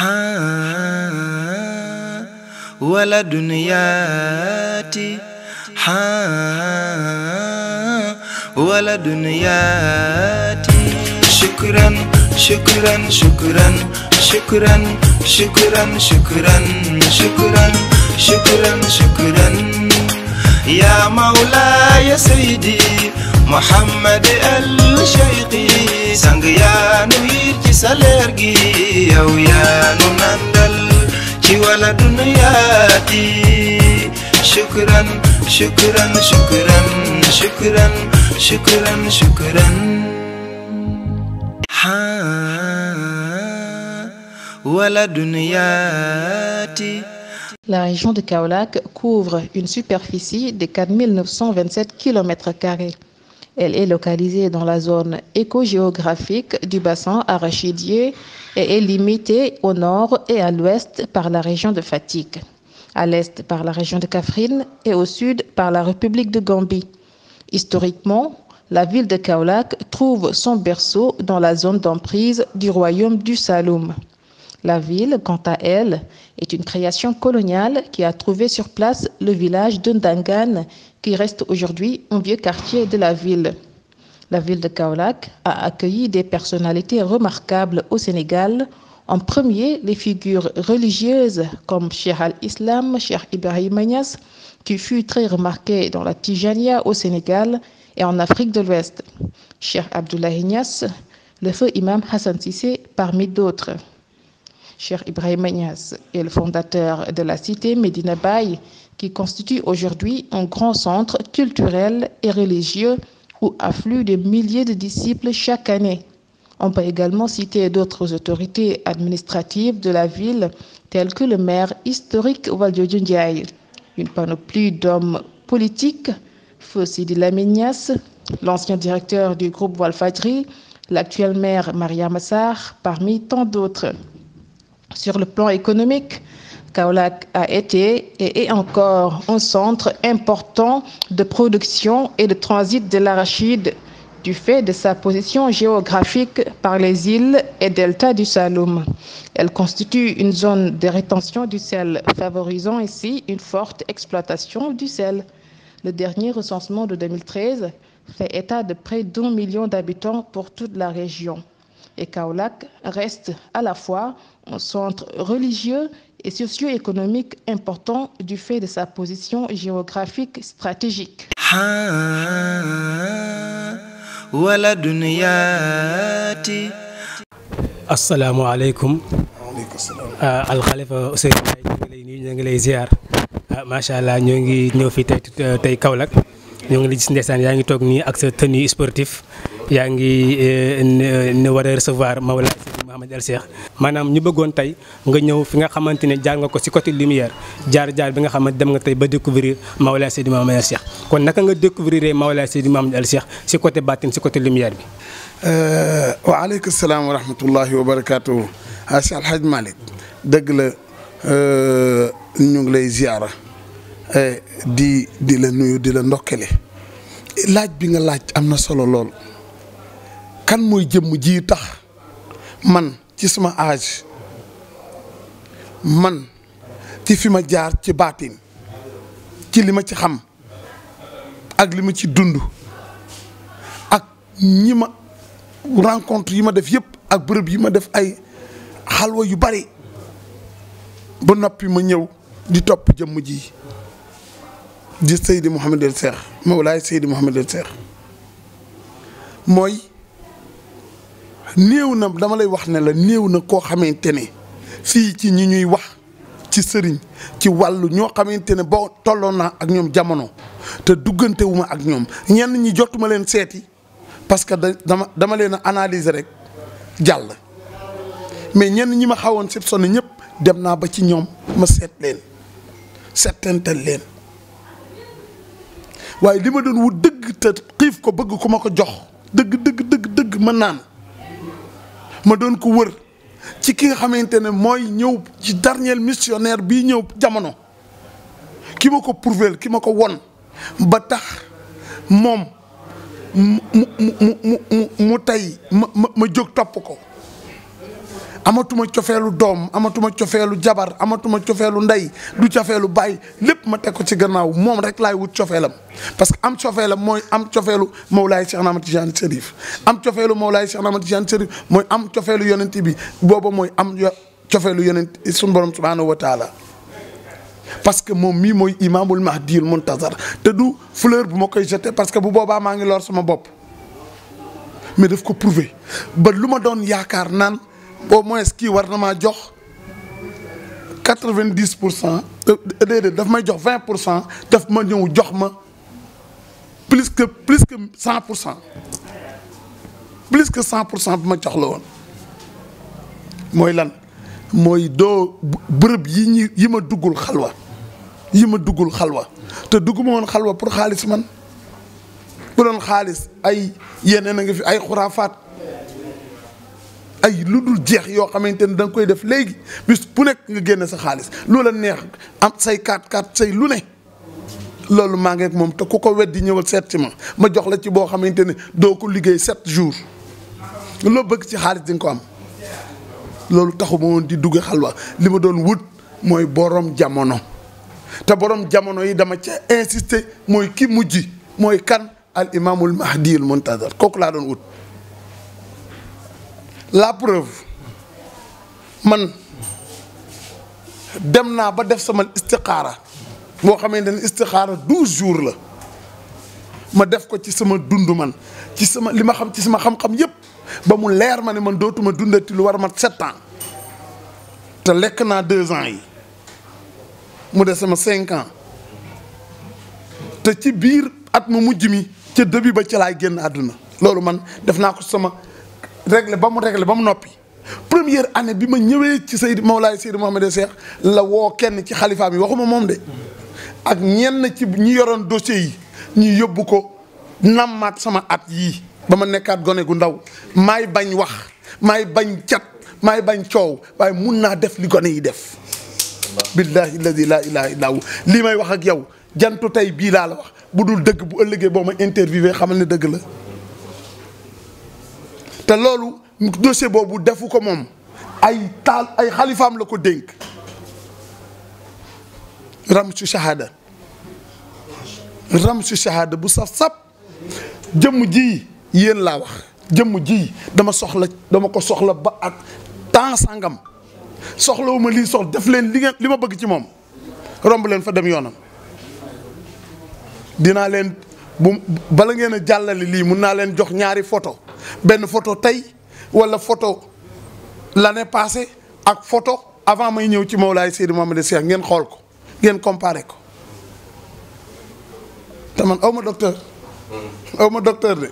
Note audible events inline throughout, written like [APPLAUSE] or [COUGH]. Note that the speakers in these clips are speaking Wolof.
haa wala duniyaati haa wala duniyaati shukran shukran shukran shukran shukran shukran shukran shukran shukran ya mawlaaya sayyidi Muhammad al Shayqi sang yaanu yit ci sa leer gi yow yaanu nandal ci wala dunuyaati shukran shukran shukran shukran shukran shukran wala dunuyaati La région de Kaolack couvre une superficie de 4927 carrés. Elle est localisée dans la zone écogéographique du bassin arachidier et est limitée au nord et à l'ouest par la région de Fatick, à l'est par la région de Kaffrine et au sud par la République de Gambie. Historiquement, la ville de Kaolack trouve son berceau dans la zone d'emprise du royaume du Saloum. La ville, quant à elle, est une création coloniale qui a trouvé sur place le village de qui reste aujourd'hui un vieux quartier de la ville. La ville de Kaolack a accueilli des personnalités remarquables au Sénégal. En premier, les figures religieuses comme Cheikh al-Islam, Cheikh Ibrahim Agnès, qui fut très remarqué dans la Tijania au Sénégal et en Afrique de l'Ouest. Cheikh Abdoulaye Niass, le feu imam Hassan Sissé, parmi d'autres. Cheikh Ibrahim Niass est le fondateur de la cité Medina Baye, qui constitue aujourd'hui un grand centre culturel et religieux où affluent des milliers de disciples chaque année. On peut également citer d'autres autorités administratives de la ville, telles que le maire historique Waldiodio Ndiaye, une panoplie d'hommes politiques, Feu Sidi Lamignas, l'ancien directeur du groupe Walfadri, l'actuel maire Maria Massar, parmi tant d'autres. Sur le plan économique, Kaolac a été et est encore un centre important de production et de transit de l'arachide du fait de sa position géographique par les îles et delta du Saloum. Elle constitue une zone de rétention du sel, favorisant ainsi une forte exploitation du sel. Le dernier recensement de 2013 fait état de près d'un million d'habitants pour toute la région. Et Kaolac reste à la fois un centre religieux et socio-économique important du fait de sa position géographique stratégique. asalaamaaleykum. waaleykum salaam. Ah, alxalifa Ousseynou Ndiaye ñu ngi lay nuyu ñu ngi lay ziar ah, macha allah ñoo ngi ñëw fii tey tey Kaolack ñoo ngi lay gis ndeysaan yaa ngi toog nii ak sa tenue sportif yaa ngi eh, ne eh, war a recevoir Mawla. Mohamed El maanaam ñu bëggoon tey nga ñëw fi nga xamante ne jaar nga ko si côté lumière jaar-jaar bi nga xamante dem nga tey ba découvrir Mawlaya Seydi Mohamed El Cheikh kon naka nga découvrir Mawlaya Seydi Mohamed El Cheikh ci côté baatin ci côté lumière bi euh, waaleykum salaam wa rahmatullahi wa barakaatu ah, Cheikh Al Hadj Malick dëgg la euh, ñu ngi lay ziyaara eh, di di la nuyu di la ndokkale laaj bi nga laaj am na solo lool kan mooy jëmm ji tax man ci suma âge man ci fi ma jaar ci baatin ci li ma ci xam ak li ma ci dund ak ñi ma rencontre yi ma def yëpp ak bërëb yi ma def ay xalwa yu bari ba noppi ma ñëw di topp jëmm ji di Seydi Mouhamed El Cheikh laay Seydi Mouhamed El Cheikh mooy néew na dama lay wax ne la néew na koo xamante ne fii ci ñi ñuy wax ci sëriñ ci wàllu ñoo xamante ne boo tolloon naa ak ñoom jamono te duggantewuma ak ñoom ñenn ñi jotuma leen seeti parce que da dama dama leen a analyser rek jàll mais ñenn ñi ma xawoon sib sonn ñëpp dem naa ba ci ñoom ma seet leen seetantal leen waaye li ma doon wut dëgg te xiif ko bëgg ku ma ko jox dëgg dëgg dëgg dëgg ma naan ma doon ko wër ci ki nga xamante ne mooy ñëw ci dernier missionnaire bii ñëw jamono ki ma ko prouver ki ma ko won ba tax moom mu mu mu mu mu tey ma ma ma jóg topp ko amatuma cofeelu doom amatuma cofeelu jabar amatuma cofeelu ndey du cofeelu bàyyi lépp ma teg ko ci gannaaw moom rek laay wut cofeelam parce que am cofeelam mooy am cofeelu Mawlaay laay Ahmad Tijaan Chérif am cofeelu Mawlaay Cheikh Ahmad Tijaan Chérif mooy am cofeelu yonent bi booba mooy am cofeelu yonent suñu borom subhaanahu wa taala parce que moom mii mooy imaamul mahdiyul muntazar te du fleur bu ma koy jeté parce que bu boobaa maa ngi lor sama bopp mais daf ko prouver ba lu ma doon yaakaar naan au moins kii war na maa jox quatre-vingt-dix pour cent euh, euh, déedéet daf may jox vingt pour cent daf ma ñëw jox ma plus que plus que cent pour cent plus que cent pour cent bi ma jox la woon mooy lan mooy doo bërëb yi ñi yi ma duggul xalwa yi ma duggul xalwa te dugguma woon xalwa pour xaalis man bu doon xaalis ay yeneen a nga fi ay xuraafaat ay lu dul jeex yoo xamante ne da nga koy def léegi bis bu nekk nga génne sa xaalis loola neex am say kaat kaat say lu ne loolu maa ngi moom te ku ko weddi ñëwal seet ci ma ma jox la ci boo xamante ne doo ko liggéey sept jours loo bëgg ci xaalis di ko am loolu taxu ma woon di dugg xal xalwa li ma doon wut mooy boroom jamono te borom jamono yi dama ca insister mooy ki mujj mooy kan al imaamul mahdi al muntazar kooku laa doon wut. la preuve man dem naa ba def sama istixaara boo xamante ne istixaara douze jours la ma def ko ci sama dund man ci sama li ma xam ci sama xam-xam yépp ba mu leer ma ne man dootuma dundati lu war mat sept ans te lekk naa deux ans yi mu de sama cinq ans te ci biir at mu mujj mi ca début ba ca laay génn àdduna loolu man def naa ko sama réglé ba mu réglé ba mu noppi première année bi ma ñëwee ci Seyd Mawlaay Seyd Mouhamed Cheikh la woo kenn ci xalifaam yi waxuma moom de ak ñenn ci ñi yoroon dossier yi ñu yóbbu ko nammaat sama at yii ba ma nekkaat gone gu ndaw maay bañ wax maay bañ cat maay bañ coow waaye mun naa def li gone yi def billaahi alladi laa ilaaha illaa hu may wax ak yow jantu tey bii laa la wax bu dul dëgg bu ëllëgee boo ma interviewé xamal ne dëgg la te loolu dossier boobu defu ko moom ay taal ay xalifaam la ko dénk ram su shahada ram su shahada bu saf sap jëmm ji yéen laa wax jëmm ji dama soxla dama ko soxla ba ak temps sangam soxlawuma lii soxla def leen li ngeen li ma bëgg ci moom romb leen fa dem yoonam dinaa leen bu bala ngeen a jàllale lii mun naa leen jox ñaari photo benn photo tey wala photo ne passée ak photo avant may ñëw ci laay Mawlaay ma Mouhamed Cheikh ngeen xool ko ngeen comparer ko te man aw ma docteur aw ma docteur de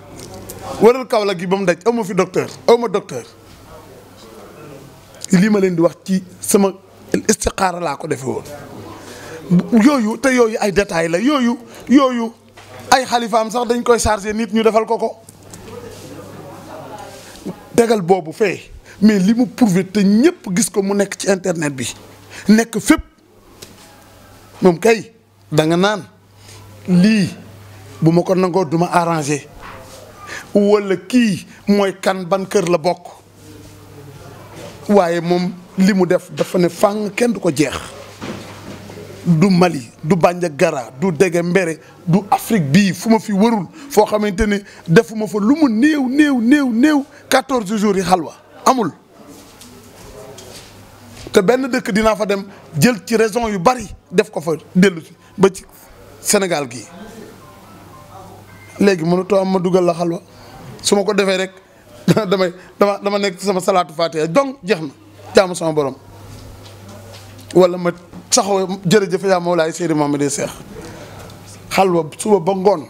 waral Kaolack gi ba mu daj aw ma fi docteur aw ma docteur lii ma leen di wax ci sama istixaara laa ko defe woon yooyu te yooyu ay détails la yooyu yooyu ay xalifaam sax dañ koy chargé nit ñu defal ko ko tegal boobu fee mais li mu prouvé te ñëpp gis ko mu nekk ci internet bi nekk fépp moom kay danga naan lii bu ma ko nangoo duma ma arrangé kii mooy kan ban kër la bokk waaye moom li mu def dafa ne fànn kenn du ko jeex. du Mali du Bandia Gara du Dege Mbere du Afrique bii fu ma fi warul foo xamante ne defuma fa lu mu néew néew néew néew quatorze jours yi xalwa amul te benn dëkk dinaa fa dem jël ci raison yu bari def ko fa dellusi si ba ci Sénégal gi léegi mënutoo am ma dugal la xalwa su ma ko defee rek [LAUGHS] damay dama dama nekk ci sama salaatu faatiha donc jeex na jaamu sama borom wala ma saxoo jërëjëf yaa Mawlaay Seydi Mamadou Seex xalwa suba ba ngoon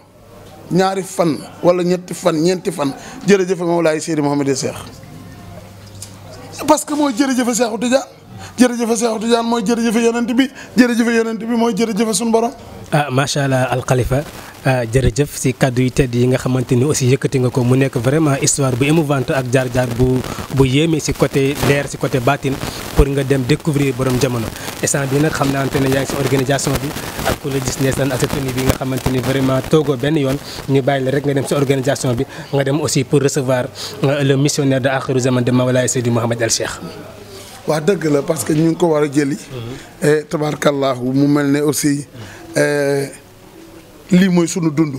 ñaari fan wala ñetti fan ñeenti fan jërëjëf Mawlaay Seydi Mamadou Seex parce que mooy jërëjëf Seexu Tijaan jërëjëf Seexu Tijaan mooy jërëjëf yonent bi jërëjëf yonent bi mooy jërëjëf suñu borom ah macha allah alxalifa ah, jërëjëf si kàddu yi tedd yi nga xamante ni aussi yëkkati nga ko mu nekk vraiment histoire bu émouvante ak jaar-jaar bu bu yéeme si côté leer si côté baatin pour nga dem découvrir borom jamono. instant bi nag xam naante ne yaa ngi si organisation bi ak ku la gis neesan ak sa tenue bi nga xamante ni toogoo benn yoon ñu bàyyi la rek nga dem si organisation bi nga dem aussi pour recevoir euh, le missionnaire de Akhirou Zaman de Mawlaay Seydi Mouhamed El Cheikh. waaw dëgg la parce que ñu ngi ko a jëli. Mhm. Eh, lii mooy sunu dund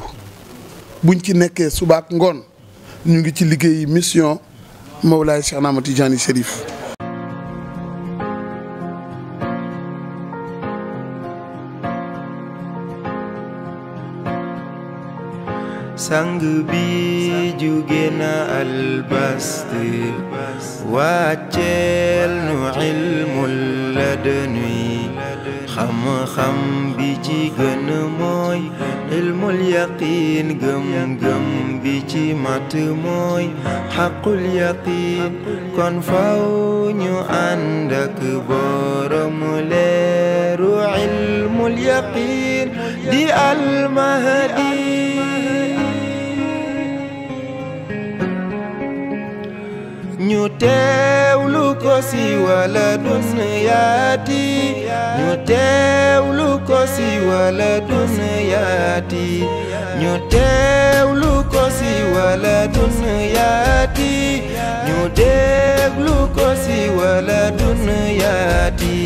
buñ ci nekkee subaak ngoon ñu ngi ci liggéeyi mission Mawlaay Cheikh Ahmad Tidiane Chérif xam-xam bi ci gën mooy ilmul yaqiin gëm-gëm bi ci mat mooy xaqul yaqiin kon faw ñu ànd ak borom leeru ilmul yaqiin di almahdi ñu teewlu ko si Waladun Yaati ñu teewlu ko si Waladun Yaati ñu teewlu ko si Waladun Yaati ñu déglu ko si Waladun Yaati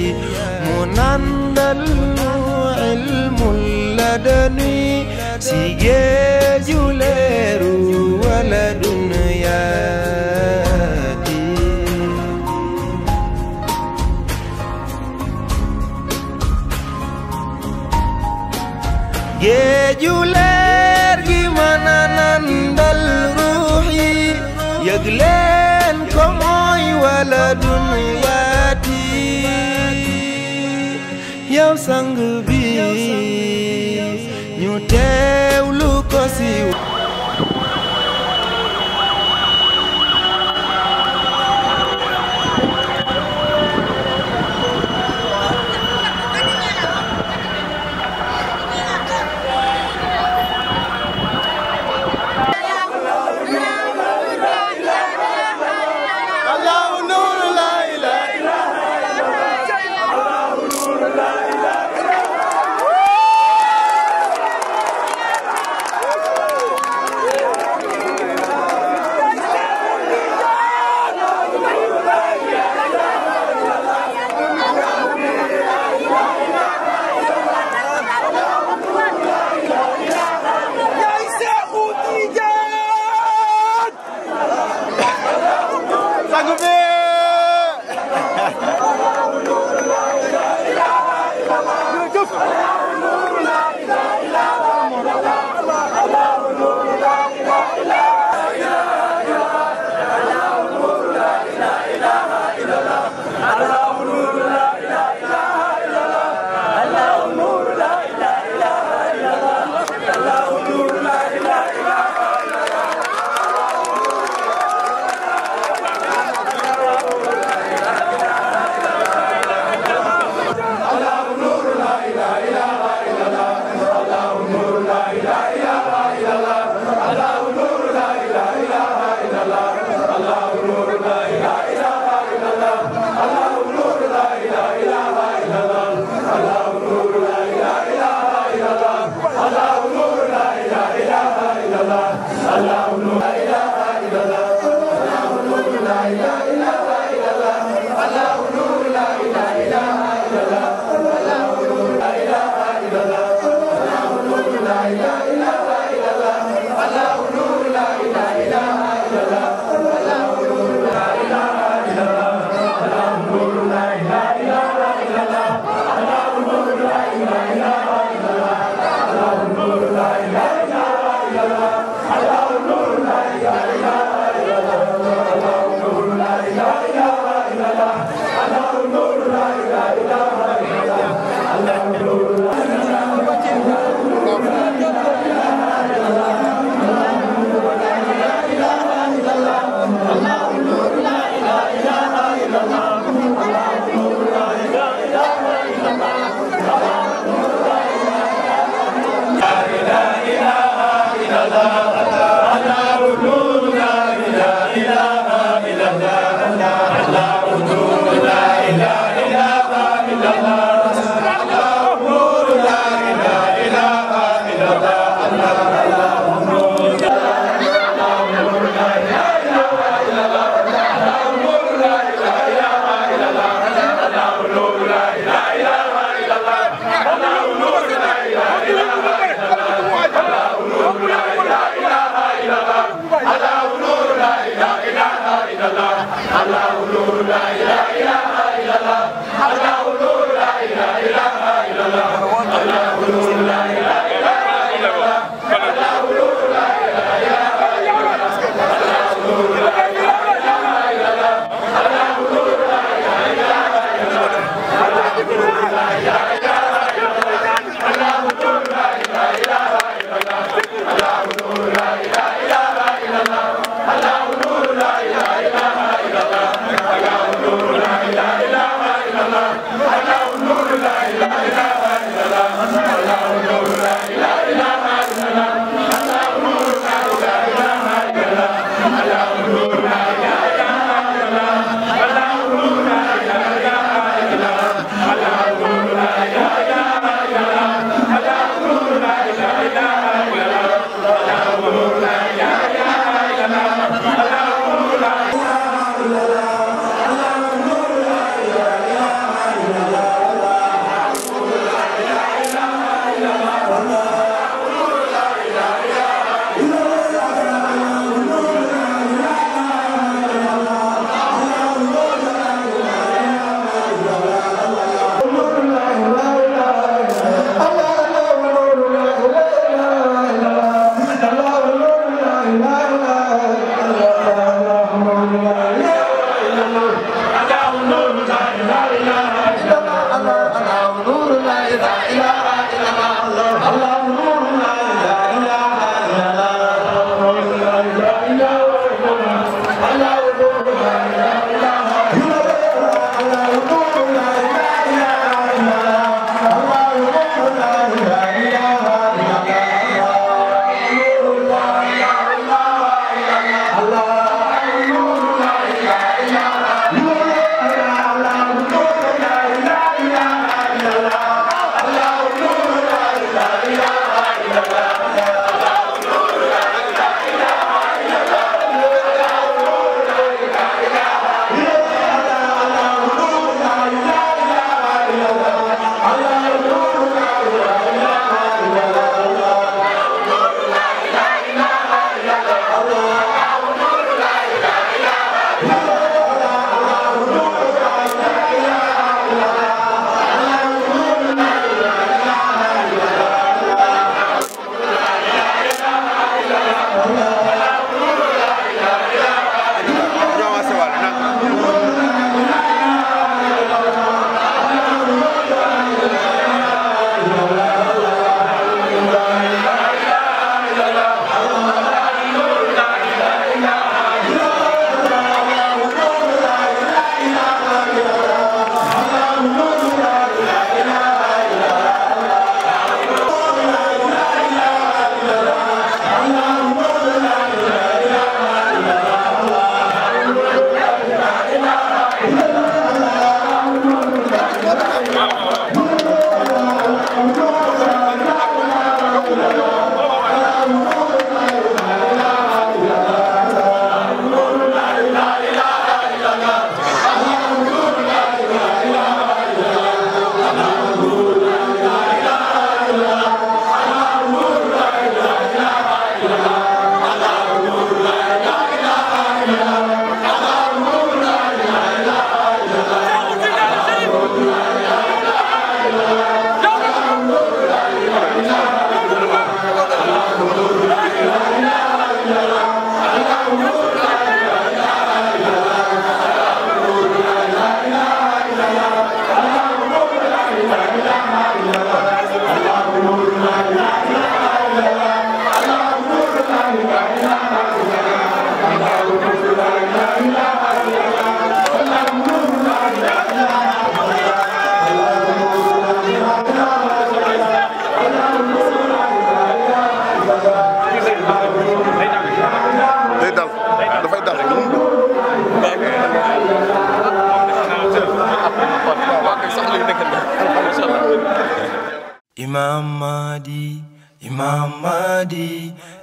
mu nandal ilmul ladani si géeju leeru Waladun Yaati géeju leer gi mën a nandal ruux yi ko mooy wala dunyaati yow sang bi ñu teewlu ko si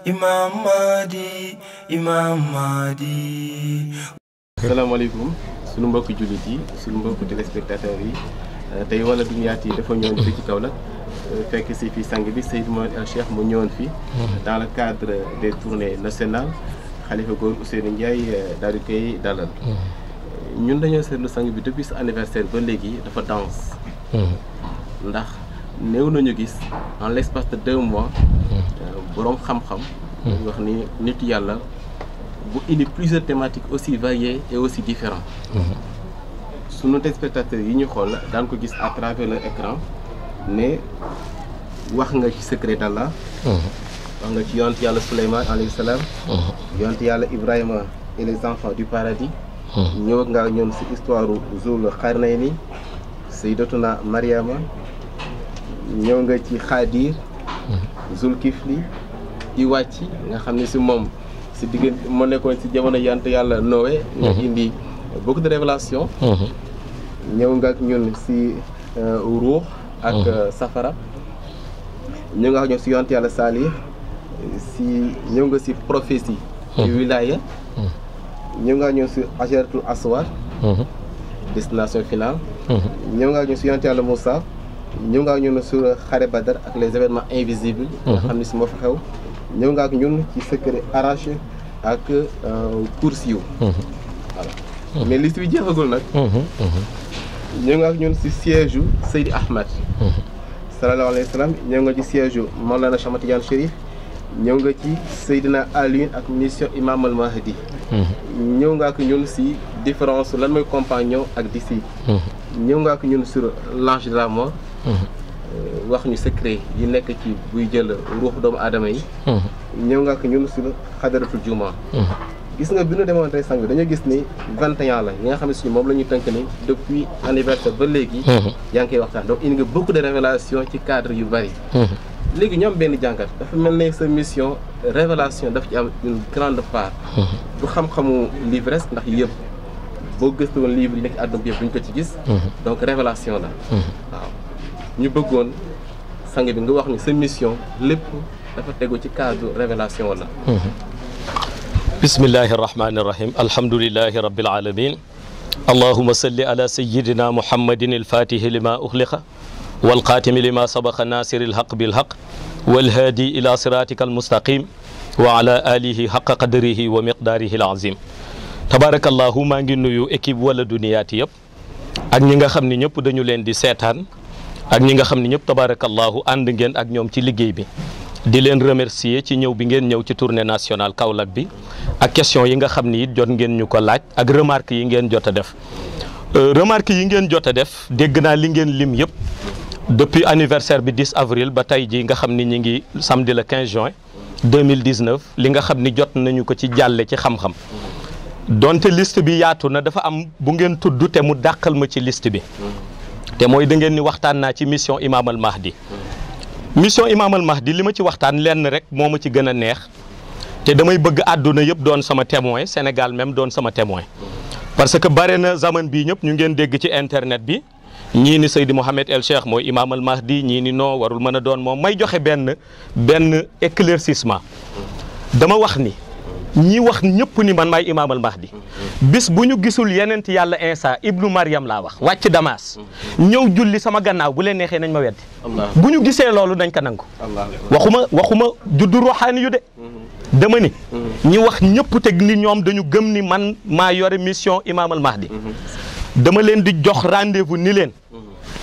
Imam Mahdi Imam Mahdi. salaamaaleykum sunu mbokk jullit yi sunu mbokki téléspectateurs yi euh, tey wala dunyaat yi dafa ñëwoon fii ci Kaolack euh, fekk si fii sang bi Seydou Mouhamed El Cheikh mu ñëwoon fii. dans le cadre des tournées nationales xalifa góor Ousseynou Ndiaye euh, daal di koy dalal. ñun dañoo seetlu sang bi depuis sa anniversaire ba léegi dafa danse. Hmm. ndax. néew nañu gis en l'espace de deux mois euh, boroom xam-xam hmm. wax ni nit yàlla bu indi plusieurs thématiques aussi variées et aussi différentes hmm. sunu téléspectateurs yi ñu xool daan ko gis à travers leur écran ne wax nga ci secret d'Allah hmm. wax nga ci yonent yàlla Souleymane alayhi salaam yonent yàlla Ibrahima et les enfants du paradis ñëw ak nga ñoom si histoire Zul Qarnayni Sayyidatuna Mariama ñëw nga ci xaadir mhm. zulkifli iwàcci nga xam ne si moom si diggante moo nekkoon si jamono yant yàlla Noé nga mhm. indi beaucoup de révélation mhm. ñëw nga ak ñun si euh, ruux ak euh, safara ñëw nga ak ñun si yant yàlla saalih si ñëw nga si prophétie ci wilaya ñëw nga ak ñun si ajaratul aswar destination finale ñëw nga ak ñun si yant yàlla Moussa ñëw nga ak ñun sur xare Badar ak les événements invisibles. nga mhm. xam si moo fa xew. ñëw nga ak euh, mhm. Mhm. ñëw nga ak ñun si siège u Seydi Ahmad. sallallahu alayhi wa sallam ñëw nga ci siège u Maulana Cheikh ñëw nga ci Seydina Alioune ak mission Imam al Mahdi. ñëw nga ak ñun si différence lan mooy compagnon ak disciple. ñëw nga ak ñun sur l'ange de Euh, wax ñu secret yi nekk ci buy jël ruux doomu aadama yi. Mhm. ñëw nga ak ñun si xadaratul juma. Mhm. gis nga bi ñu demoon tey sang bi dañoo gis ni 21 la ñi nga xam ne suñu moom la ñu tënk ni depuis anniversaire ba léegi. Mhm. yaa ngi koy waxtaan donc indi nga beaucoup de révélation ci cadre yu bari. léegi ñoom benn jàngat dafa mel ne sa mission révélation daf ci am une grande part. bu xam-xamu livre ndax yëpp boo gëstu woon livre yi nekk àdduna bi yëpp duñ ko ci gis. donc révélation la ñu bëggoon sang bi nga wax ni sa mission lépp dafa tegu ci cadre révélation la bismillahi arrahmani irrahim alhamdulilahi rabbil alamin allahuma salli ala sayidina muhammadin alfatihi lima uxliqa walxaatimi lima sabaqa nasiri alhaq bilhaq walhaadi ila siratika almustaqim wa ala alihi haqa qadrihi wa miqdaarihi alazim tabaarakallahu maa ngi nuyu équipe wala duniyaati yëpp ak ñi nga xam ne ñëpp dañu leen di seetaan ak ñi nga xam ne ñëpp tabaarakallaahu ànd ngeen ak ñoom ci liggéey bi di leen remercier ci ñëw bi ngeen ñëw ci tournée nationale Kaolack bi ak question yi nga xam ni it jot ngeen ñu ko laaj ak remarque yi ngeen jot a def euh, remarque yi ngeen jot a def dégg naa li ngeen lim yëpp depuis anniversaire bi 10 avril ba tey ji nga xam ni ñi ngi samedi le 15 juin 2019 li nga xam ni jot nañu ko ci jàlle ci xam-xam donte liste bi yaatu na dafa am bu ngeen tudd te mu dàqal ma ci liste bi te mooy da ngeen ni waxtaan naa ci mission imaamal mahdi mission imaamal mahdi li ma ci waxtaan lenn rek moo ma ci gën a neex te damay bëgg àdduna yëpp doon sama témoin Sénégal même doon sama témoin parce que bare na zaman bii ñëpp ñu ngeen dégg ci internet bi ñii ni Seydi Mouhamed El Cheikh mooy imaamal mahdi ñii ni non warul mën a doon moom may joxe benn benn éclaircissement dama wax ni. ñi wax ñëpp ni man maay imaamal mahdi bis bu ñu gisul yeneen yenent yàlla instant ibnu Maryam laa wax wàcc Damas ñëw julli sama gannaaw bu leen neexee nañ ma weddi bu ñu gisee loolu dañ ko nangu waxuma waxuma juddu roxaani yu de mm-hmm. dama ni mm-hmm. ñi wax ñëpp teg ni ñoom dañu gëm ni man maa yore mission imaamal mahdi mm-hmm. dama leen di jox rendez-vous ni leen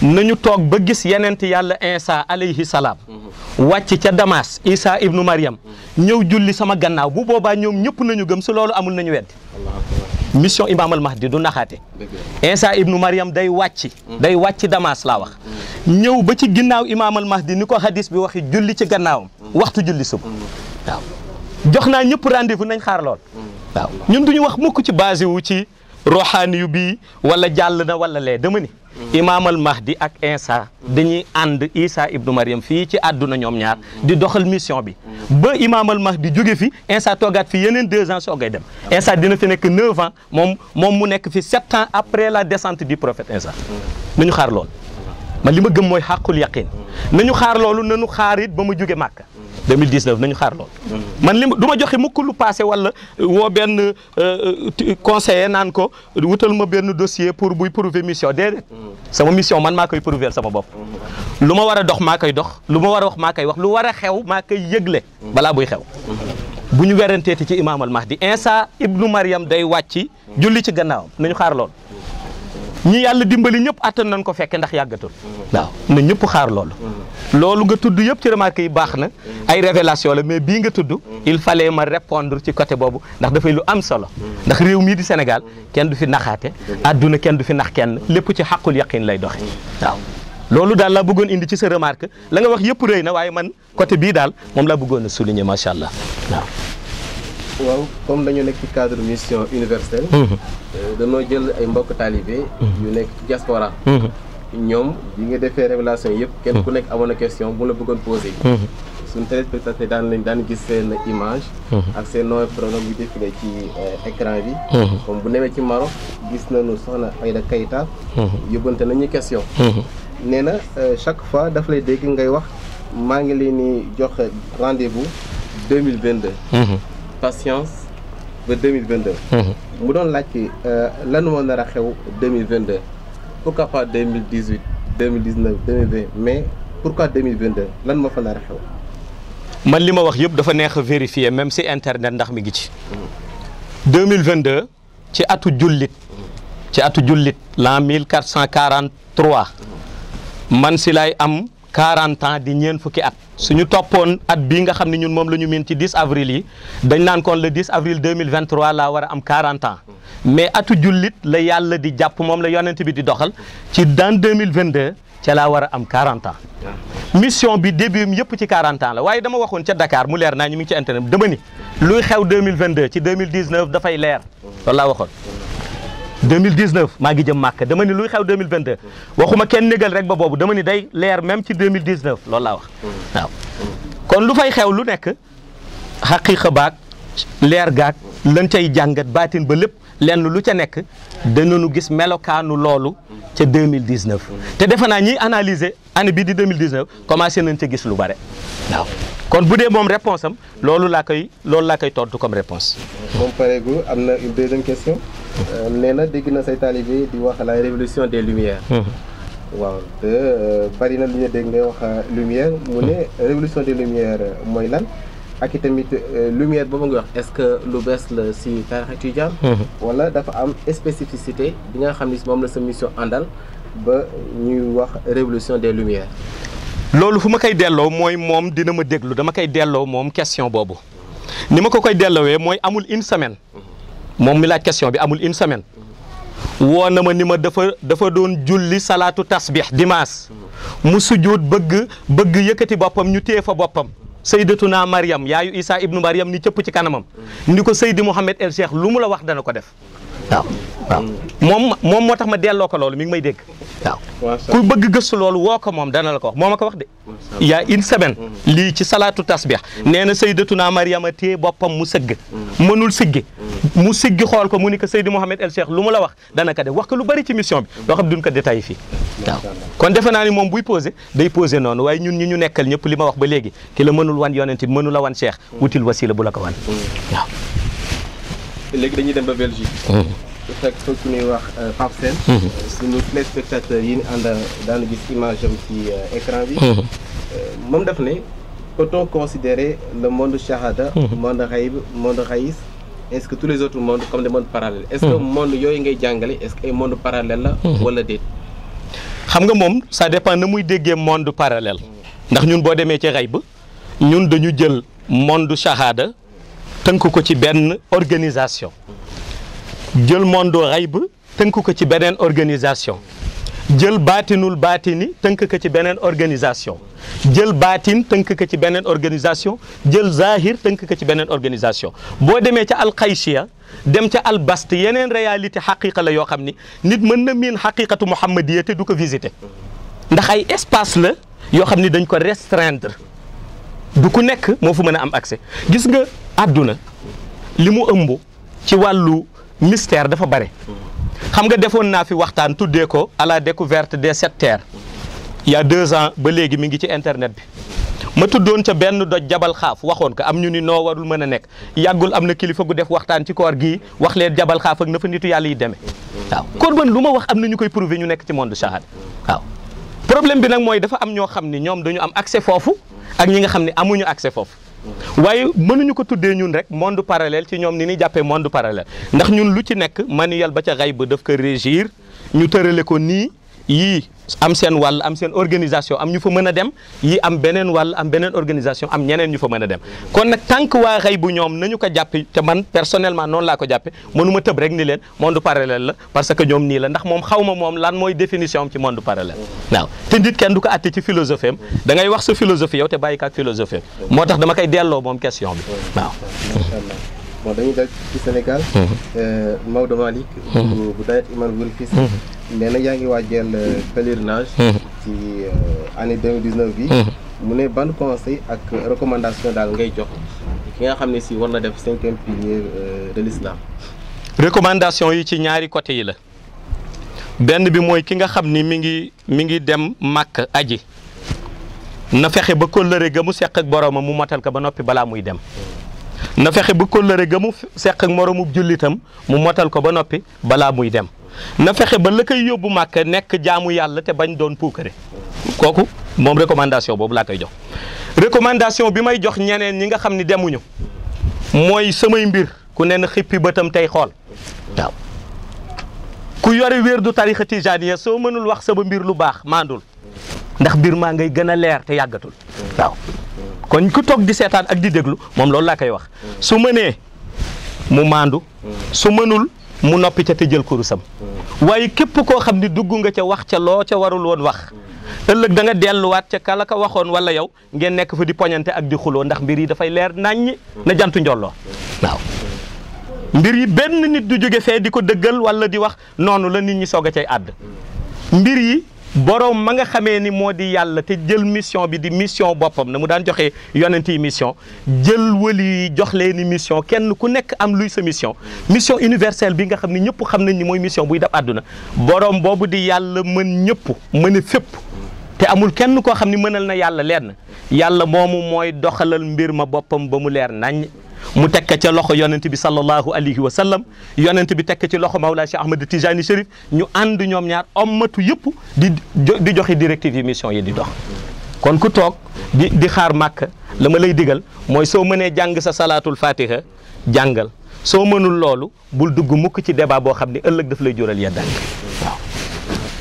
nañu toog ba gis yenent yàlla Isa alayhi salaam wàcc ca Damas Isa ibnu Maryam ñëw julli sama gannaaw bu boobaa ñëw ñëpp nañu gëm su loolu amul nañu weddi mission Imam al Mahdi du naxaate Isa ibnu Maryam day wàcc mm. day wàcc Damas laa wax mm. ñëw ba ci ginnaaw Imam al Mahdi ni ko hadis bi waxi julli ci gannaawam mm. waxtu julli suba waaw jox naa ñëpp rendez-vous nañ xaar lool waaw ñun duñu wax mukk ci basé wu ci roxaani yu bii wala jàll na wala lee dama ni mahdi ak insa dañuy ànd isa ibnu mariam fii ci àdduna ñoom ñaar di doxal mission bi ba imaamal mahdi jóge fi insa toogaat fi yeneen deux ans soogay dem insa dina fi nekk neuf ans moom moom mu nekk fi sept ans après la descente du prophète insa nañu xaar loolu man li ma gëm mooy xàqul yaqin nañu xaar loolu nañu xaar it ba mu jóge màkk 2019 nañu xaar lool. man li du ma joxe mukk lu passé wala woo benn euh, conseiller naan ko wutal ma benn dossier pour buy prouver mission déedéet. sama mission man maa koy prouver sama bopp. lu ma war a dox maa koy dox lu ma war a wax maa koy wax lu war a xew maa koy yëgle. balaa buy xew. bu ñu weranteeti ci imaam al mahdi Insa ibnu Maryam day wàcc. julli ci gannaawam nañu xaar lool. ñi yàlla dimbali ñëpp attan nañ ko fekke ndax yàggatul mm. waaw na ñëpp xaar loolu mm. loolu nga tudd yëpp ci remarque yi baax na mm. ay révélation la mais bii nga tudd il fallait ma repondre ci côté boobu ndax dafay lu am solo ndax réew mii di Sénégal kenn du fi naxaate àdduna kenn du fi nax kenn lépp ci xàqul yaqin lay doxe loolu daal laa bëggoon indi ci sa remarque la nga wax yëpp rëy na waaye man côté bii daal moom laa bëggoon a souligner macha allah waaw comme dañu nekk ci cadre mission universelle. Mhm. Euh, dañoo jël ay mbokk taalibe. Mhm. yu nekk ci diaspora. Mhm. ñoom bi nga defee révélation yëpp. kenn ku nekk amoon na question bu la bëggoon posé. suñu téléspectateur daan lañ daan gis seen image. ak seen nooy pronom yu défilé ci euh, écran bi. comme bu newee ci Maroc gis nañu soxna Aïda Keïta. yóbbante nañu question. nee na euh, chaque fois daf lay dégg ngay wax maa ngi leen di jox rendez-vous mille vingt deux. patience ba 2022. Mhm. mu doon laaj ci euh, lan moo nar a xew 2022 pourquoi pas 2018 2019 2020 mais pourquoi 2022 lan moo fa nar a xew. man li ma wax yëpp dafa neex a vérifier même si internet ndax mi ngi ci. 2022 mhm. ci atu jullit. ci atu jullit l'an 1443. man si laay am. 40 ans di ñeen fukki at ñu toppoon at bii nga xam ne ñun moom la ñu miin ci 10 avril yi dañ naan kon le 10 avril 2023 laa war am 40 ans mais atu jullit la yàlla di jàpp moom la yonent bi di doxal ci dans 2022 ca laa war a am 40 ans mission bi début am yëpp ci 40 ans la waaye dama waxoon ca dakaar mu leer naa ñu mi ngi ci internet dama ni luy xew 2022 ci 2019 dafay leer loolu laa 2019 maa ngi jëm màkk dama ni luy xew 2022 waxuma kenn négal rek ba boobu dama ni day leer même ci 2019 loolu laa wax waaw kon lu fay xew lu nekk xaqiiqa baag leer gaag lan cay jàngat baatin ba lépp lenn lu ca nekk danañu gis melokaanu loolu ca 2019 te defe naa ñiy analyser année bii di 2019 commencé nañ ca gis lu bare waaw kon bu dee moom réponse am loolu laa koy loolu laa koy tontu comme réponse moom pareegu am na une deuxième question euh, nee na dégg na say taalibe di wax la révolution des lumières waaw te euh, bari na lu ñu dégg ngay wax euh, lumière mu ne révolution des lumières mooy lan ak i tamit euh, lumière boobu nga wax est-ce que lu bees la si taarix étudiant mhm. wala dafa am spécificité bi nga xam ni si moom la sa mission àndal ba ñuy wax révolution de lumières loolu fu ma koy delloo mooy moom dina ma déglu dama koy delloo moom question boobu ni ma ko koy delloowee mooy amul une semaine moom mi laaj question bi amul une semaine woo na ma ni ma dafa dafa doon julli salaatu tasbix dimaas mu sujjuut bëgg bëgg yëkkati boppam ñu téye fa boppam sayyidatuna Maryam yaayu Isa ibnu Maryam ni cëpp ci kanamam ni ko Seydi Mouhamed El Cheikh lu mu la wax dana ko def waaw moom moom moo tax ma delloo ko loolu mi ngi may dégg waaw ku bëgg gëstu loolu woo ko moom dana la ko wax moo ma ko wax de il y a une semaine mm-hmm. lii ci salaatu tasbih mm-hmm. nee na sayyidatuna Mariama téye boppam mu sëgg mm-hmm. mënul siggi mu siggi xool ko mu ni ko Seydi Mouhamed El Cheikh lu mu la wax dana ko def wax ko lu bari ci mission bi loo xam duñ ko détaillé fii waaw kon defe naa ni moom buy posé day posé noonu waaye ñun ñi ñu nekkal ñëpp li ma wax ba léegi ki la mënul wan yonent bi mënul a wan Cheikh wutil wasila bu la ko wan waaw léegi dañuy dem ba Belgique. bu fekk fekk ñuy wax Pape Sène. Mhm. suñu téléspectateurs yi ñu ànd daanu gis image ci euh, écran bi. Mhm. Euh, moom daf ne peut-on considérer le monde shahada. Mhm. monde xayb monde xayis. est-ce que tous les autres mondes comme des mondes parallèles. est que monde yooyu ngay jàngale est-ce que ay monde parallèle la. wala déet. xam nga moom sa dépend na muy déggee monde parallèle. ndax ñun boo demee ci xayb ñun dañu jël monde shahada. tënk ko ci benn organisation jël mondo xayb tënk ko ci beneen organisation jël baatinul baatini tënk ko ci beneen organisation jël baatin tënk ko ci beneen organisation jël zahir tënk ko ci beneen organisation boo demee ca alxaysiya dem ca albast yeneen réalité xaqiqa la yoo xam ni nit mën na miin xaqiqatu muhammadiya te du ko visiter ndax ay espace la yoo xam ni dañ ko restrendre du ku nekk moo fu mën a am accès gis nga àdduna li mu ëmb ci wàllu mystère dafa bare xam nga defoon naa fi waxtaan tuddee ko à la découverte des sept ya il deux ans ba léegi mi ngi ci internet bi ma tuddoon ca benn doj jabal xaaf waxoon ko am ñu ni noo warul mën a nekk yàggul am na kilifa gu def waxtaan ci koor gi wax leen jabal xaaf ak na nitu yàlla yi demee waaw kon man lu ma wax am na ñu koy prouver ñu nekk ci monde shahada waaw problème bi nag mooy dafa am ñoo xam ni ñoom dañu am accès foofu ak ñi nga xam ne amuñu accès foofu waaye mënuñu ko tuddee ñun rek monde parallèle ci ñoom ni ni jàppee monde parallèle ndax ñun lu ci nekk manuel ba ca xay ba daf ko régir ñu tërale ko nii yii am seen wàll am seen organisation am ñu fa mën a dem yii am beneen wàll am beneen organisation am ñeneen ñu fa mën a dem kon nag tant waa xëy bu ñoom nañu ko jàppe te man personnellement noonu laa ko jàppe mënuma tëb rek ni leen monde parallèle la parce que ñoom nii la ndax moom xaw ma moom lan mooy définition am ci monde parallèle waaw te nit kenn du ko atte ci philosophie am da ngay wax sa philosophie yow te bàyyi ko philosophie moo tax dama koy delloo moom question bi waaw bon dañuy dal euh, Maodo Malick nee na yaa ngi waajal euh, pèlerinage. ci euh, année 2019 bi. mu ne ban conseil ak recommandation daal ngay jox ki nga xam ne si war na def cinquième pilier euh, de recommandation yi ci ñaari côté yi la benn bi mooy ki nga xam ni mi ngi mi ngi dem màkk aji na fexe ba kóllëre ga mu seq ak boromam mu motal ko ba noppi balaa muy dem. na fexe ba kóllëre ga mu seq ak moroomu jullitam mu motal ko ba noppi balaa muy dem. na fexe ba la koy yóbbu màkk nekk jaamu yàlla te bañ doon puukare kooku moom recommandation boobu laa koy jox recommandation bi may jox ñeneen ñi nga xam ni demuñu mooy samay mbir ku ne na xippi bëtam tey xool ku yore wér du tarixa tijaaniya soo mënul wax sama mbir lu baax maandul ndax mbir maa ngay gën a leer te yàggatul waaw kon ku toog di seetaan ak di déglu moom loolu laa koy wax su mënee mu maandu su mënul mu noppi ca te jël kurusam waaye képp koo xam ni dugg nga ca wax ca loo ca waruloon wax ëllëg danga delluwaat ca kalaka waxoon wala yow ngeen nekk fa di poñante ak di xuloo ndax mbir yi dafay leer naññ na jantu njolloo waaw mbir yi benn nit du jóge fee di ko dëggal wala di wax noonu la nit ñi soog a cay àdd mbir yi boroom ma nga xamee ni moo di yàlla te jël mission bi di mission boppam na mu daan joxe yonent yi mission jël wali yi jox leen mission kenn ku nekk am luy sa mission mission universelle bi nga xam ne ñëpp xam nañ ni mooy mission buy def àdduna boroom boobu di yàlla mën ñëpp mën a fépp te amul kenn koo xam ne mënal na yàlla leen yàlla moomu mooy doxalal mbir ma boppam ba mu leer nañ mu tekk ca loxo yonent bi sallallahu alayhi wa sallam yonent bi tekk ci loxo Mawlaa Cheikh Ahmed Tijani Chérif ñu ànd ñoom ñaar ommatu yëpp di di joxe directive yi mission yi di dox. kon ku toog di di xaar màkk la ma lay digal mooy soo mënee jàng sa salaatul fatiha jàngal soo mënul loolu bul dugg mukk ci débat boo xam ne ëllëg daf lay jural yeddaange waaw.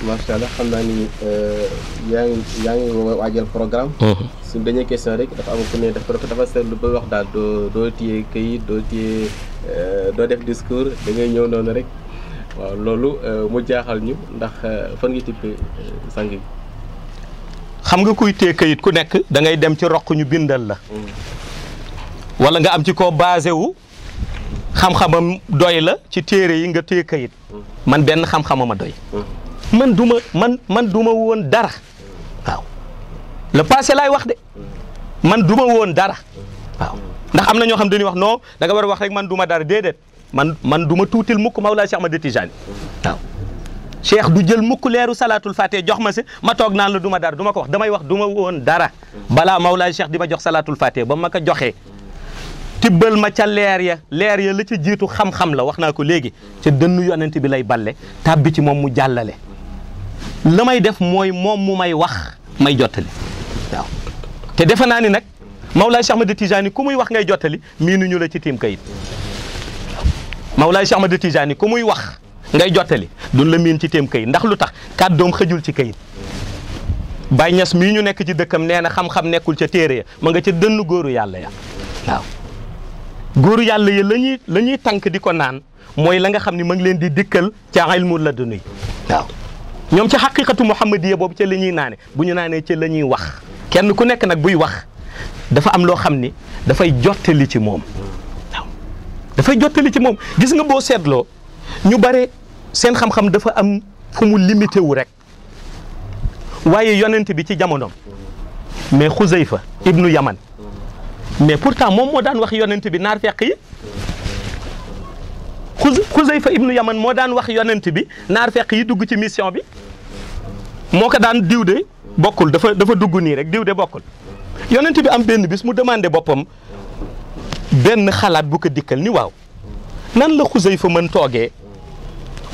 macha allah xam naa ni euh, yaa ngi yaa ngi waajal programme. Mhm. suñ dañuy question rek dafa am ku ne dafa dafa seetlu ba wax daal doo doo téye doo téye euh, doo def discours da ngay ñëw noonu rek waaw loolu euh, mu jaaxal ñu ndax fan nga tippee sang bi. xam nga kuy téye kayit ku nekk da ngay dem ci roq ñu bindal la. Mm. wala nga am ci koo basé wu. xam-xamam doy la ci téere yi nga téye kayit mm. man benn xam-xamam a doy. Mm. man du ma man man du woon dara la le passé laay wax de man du woon dara waaw ndax am na ñoo xam dañuy wax non da nga war a wax rek man du ma dara déedéet man man duma ma tuutil ma Mawlaa Cheikh ma Tijaani waaw cheikh du jël mukk leeru salaatul fatiha jox ma si ma toog naan la duma dara duma ko wax damay wax du ma woon dara balaa Mawlaa Cheikh di ma jox salaatul fatiha ba ma ko joxee tibbal ma ca leer ya leer ya la ca jiitu xam-xam la wax naa ko léegi ca dënnu yonent bi lay balle tàbbi ci moom mu jàllale la may def mooy moom mu may wax may jottali te defe naa ni nag Mawlaay Cheikh Ahmad Tijaani ku muy wax ngay jottali miinuñu la ci tiim kayit Mawlaay Cheikh Ahmad Tijaani ku muy wax ngay jottali duñ la miin ci tiim kayit ndax lu tax kàddoom xëjul ci kayit Baay mii ñu nekk ci dëkkam nee na xam-xam nekkul ca téere ya ma nga ca dënn góoru yàlla ya waaw góoru yàlla ya lañuy ñuy la ñuy tànk di ko naan mooy la nga xam ne mag leen di dikkal ca ilmu la waaw ñoom ci xaqiqatu muhammadiya boobu ca la ñuy naane bu ñu naanee ca lañuy wax kenn ku nekk nag buy wax dafa am loo xam ni dafay jottali ci moom dafay jottali ci moom gis nga boo seetloo ñu bare seen xam-xam dafa am fu mu limité wu rek waaye yonent bi ci jamonoom mais Xuzayfa ibnu Yaman mais pourtant moom moo daan wax yonent bi naar fekk yi Xuzayfa ibnu Yaman moo daan wax yonent bi naar fekk yi dugg ci mission bi moo ko daan diw de bokkul dafa dafa dugg nii rek diw de bokkul yonent bi am benn bis mu demandé boppam benn xalaat bu ko dikkal ni waaw nan la Xuzayfa mën toogee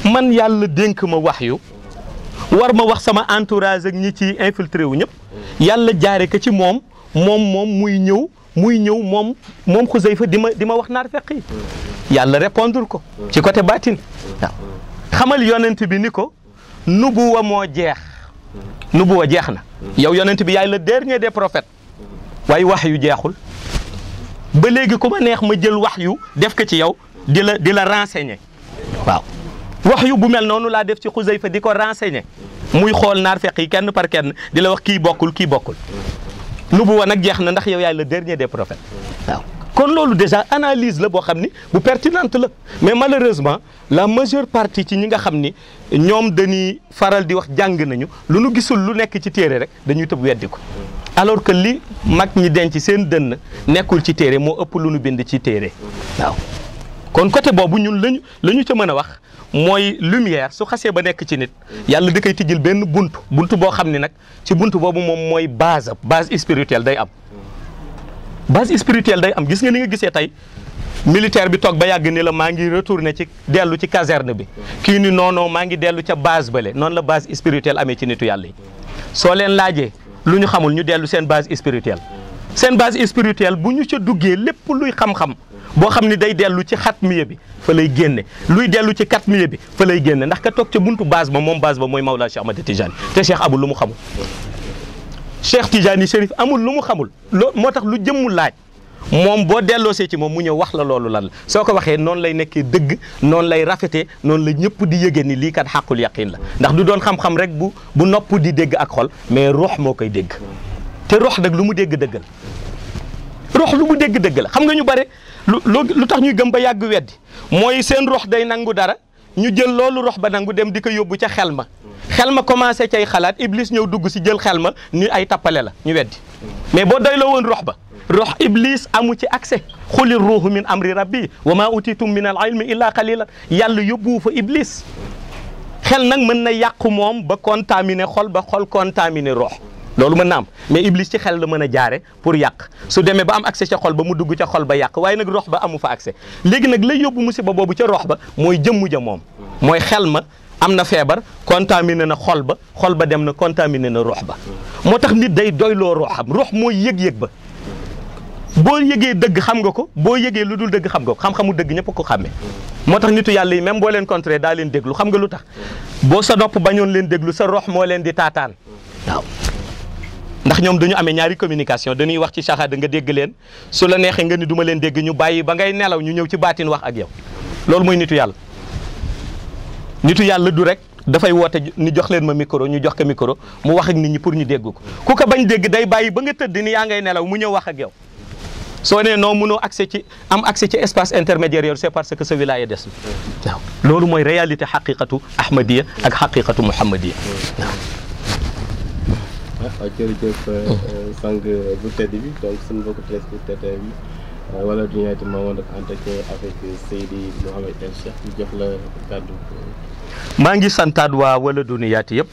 man yàlla dénk ma wax yu war ma wax sama entourage ak ñi ci infiltré wu ñëpp yàlla jaare ko ci moom moom moom muy ñëw muy ñëw moom moom Xuzayfa di ma di ma wax naar fekk yi yàlla répondre ko ci côté baatin waaw xamal yonent bi ni ko wa moo jeex nubuwa jeex na yow yonent bi yaay la dernier des prophètes waaye wax yu jeexul ba léegi ku neex ma jël wax yu def ko ci yow di la di la renseigner waaw wax yu bu mel noonu laa def ci Xuzayfa di ko renseigner muy xool naar feq yi kenn par kenn di la wax kii bokkul kii bokkul nubuwa nag jeex na ndax yow yaay la dernier des prophètes kon loolu déjà analyse la boo xam ni bu pertinente la mais malheureusement la majeure partie ci ñi nga xam ni ñoom dañuy faral di wax jàng nañu lu nu gisul lu nekk ci téere rek dañuy tëb weddi ko alors que li mag ñi denc seen dënn nekkul ci téere moo ëpp lu nu bind ci téere kon côté boobu ñun lañu la ñu ca mën a wax mooy lumière su xasee ba nekk ci nit yàlla da koy tijjil benn bunt bunt boo xam ni nag ci bunt boobu moom mooy base base spirituelle day am base spirituelle day am gis nga ni nga gisee tey militaire bi toog ba yàgg ni la maa ngi retourné ci dellu ci caserne bi kii ni non maa ngi dellu ca base bale noonu la base spirituelle amee ci nitu yàlla yi soo leen laajee lu ñu xamul ñu dellu seen base spirituelle seen base spirituelle bu ñu ca duggee lépp luy xam-xam boo xam ni day dellu ci xatmiya bi fa lay génne luy dellu ci xatmiya bi fa lay génne ndax ka toog ca buntu base ba moom base ba mooy Mawlana Cheikh Ahmad Tijani te Cheikh Abou lu mu xamul Cheikh Tidiane Chérif amul lu mu xamul loo moo tax lu jëmmu laaj moom boo delloosee ci moom mu ñëw wax la loolu lan la soo ko waxee noonu lay nekkee dëgg noonu lay rafete noonu la ñëpp di yëgee ni lii kat xàqul yaqin la ndax du doon xam-xam rek bu bu nopp di dégg ak xol mais rox moo koy dégg te ruux nag lu mu dégg dëgg la ruux lu mu dégg dëgg la xam nga ñu bare lu lu tax ñuy gëm ba yàgg weddi mooy seen rox day nangu dara. ñu jël loolu rox ba nangu dem di ko yóbbu ca xel ma xel ma commencé cay xalaat iblis ñëw dugg si jël xel ma ni ay tappale la ñu weddi mais boo doyloo woon rox ba rox iblis amu ci accès xuli ruuhu min amri rabbi wa ma utitum min al ilmi illa qalilan yàlla yóbbuwu fa iblis xel nag mën na yàqu moom ba contaminé xol ba xol contaminé rox loolu ma naam mais iblis ci xel la mën a jaare pour yàq su demee ba am accès ca xol ba mu dugg ca xol ba yàq waaye nag rox ba amu fa accès léegi nag lay yóbbu musiba boobu ca rox ba mooy jëmm ja moom mooy xel ma am na feebar contaminé na xol ba xol ba dem na contaminé na rox ba moo tax nit day doyloo roxam rox mooy yëg-yëg ba boo yëgee dëgg xam nga ko boo yëgee lu dul dëgg xam nga ko xam-xamu dëgg ñëpp ko xàmmee moo tax nitu yàlla yi même boo leen contré daa leen déglu xam nga lu tax boo sa nopp bañoon leen déglu sa rox moo leen di taataan waaw ndax ñoom dañu ame ñaari communication dañuy wax ci shahada nga dégg leen su la neexee nga ni duma leen dégg ñu bàyyi ba ngay nelaw ñu ñëw ci baatin wax ak yow loolu mooy nitu yàlla nitu yàlla du rek dafay woote ni jox leen ma micro ñu jox ko micro mu wax ak nit ñi pour ñu dégg ko ku ko bañ dégg day bàyyi ba nga tëdd ni yaa ngay nelaw mu ñëw wax ak yow soo nee noo mënoo accès ci am accès ci espace intermédiaire yooyu c'est parce que sa wilaya des na loolu mooy réalité xaqiqatu ahmadiya ak xaqiqatu muhammadiya waaw jërëjëf euh, oh. euh, sang bu euh, wala du ñu ma woon maa ngi santaat waa wala duniyaati yëpp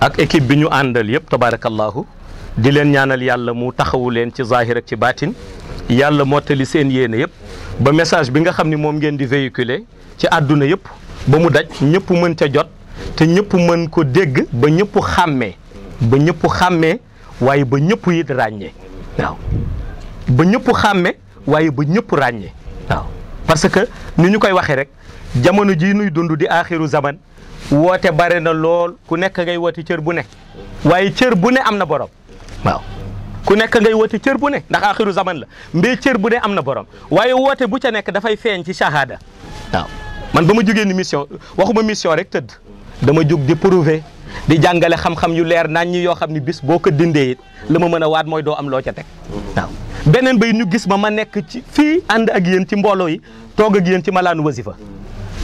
ak équipe bi ñu àndal yëpp tabarakallahu di leen ñaanal yàlla mu taxawu leen ci zahir ak ci baatin yàlla mottali seen yéene yëpp ba message bi nga xam ni moom ngeen di véhiculer ci àdduna yëpp ba mu daj ñëpp mën ca jot te ñëpp mën ko dégg ba ñëpp xàmmee ba ñëpp xàmmee waaye ba ñëpp it ràññee waaw ba ñëpp xàmme waaye ba ñëpp ràññee waaw parce que ni ñu koy waxee rek jamono jii nuy dund di aaxiru zaman woote bare na lool ku nekk ngay woote cër bu ne waaye cër bu ne am na borom waaw ku nekk ngay woote cër bu ne ndax aaxiru zaman la mbee cër bu ne am na borom waaye woote bu ca nekk dafay feeñ ci shahada waaw man ba ma jógee ni mission waxuma mission rek tëdd dama jóg di di jàngale xam-xam yu leer naan yoo xam ni bis boo ko dindee la ma mën a waat mooy doo am loo ca teg beneen bay ñu gis ma ma nekk ci fii ànd ak yéen ci mbooloo yi toog ak yéen ci malaanu wasifa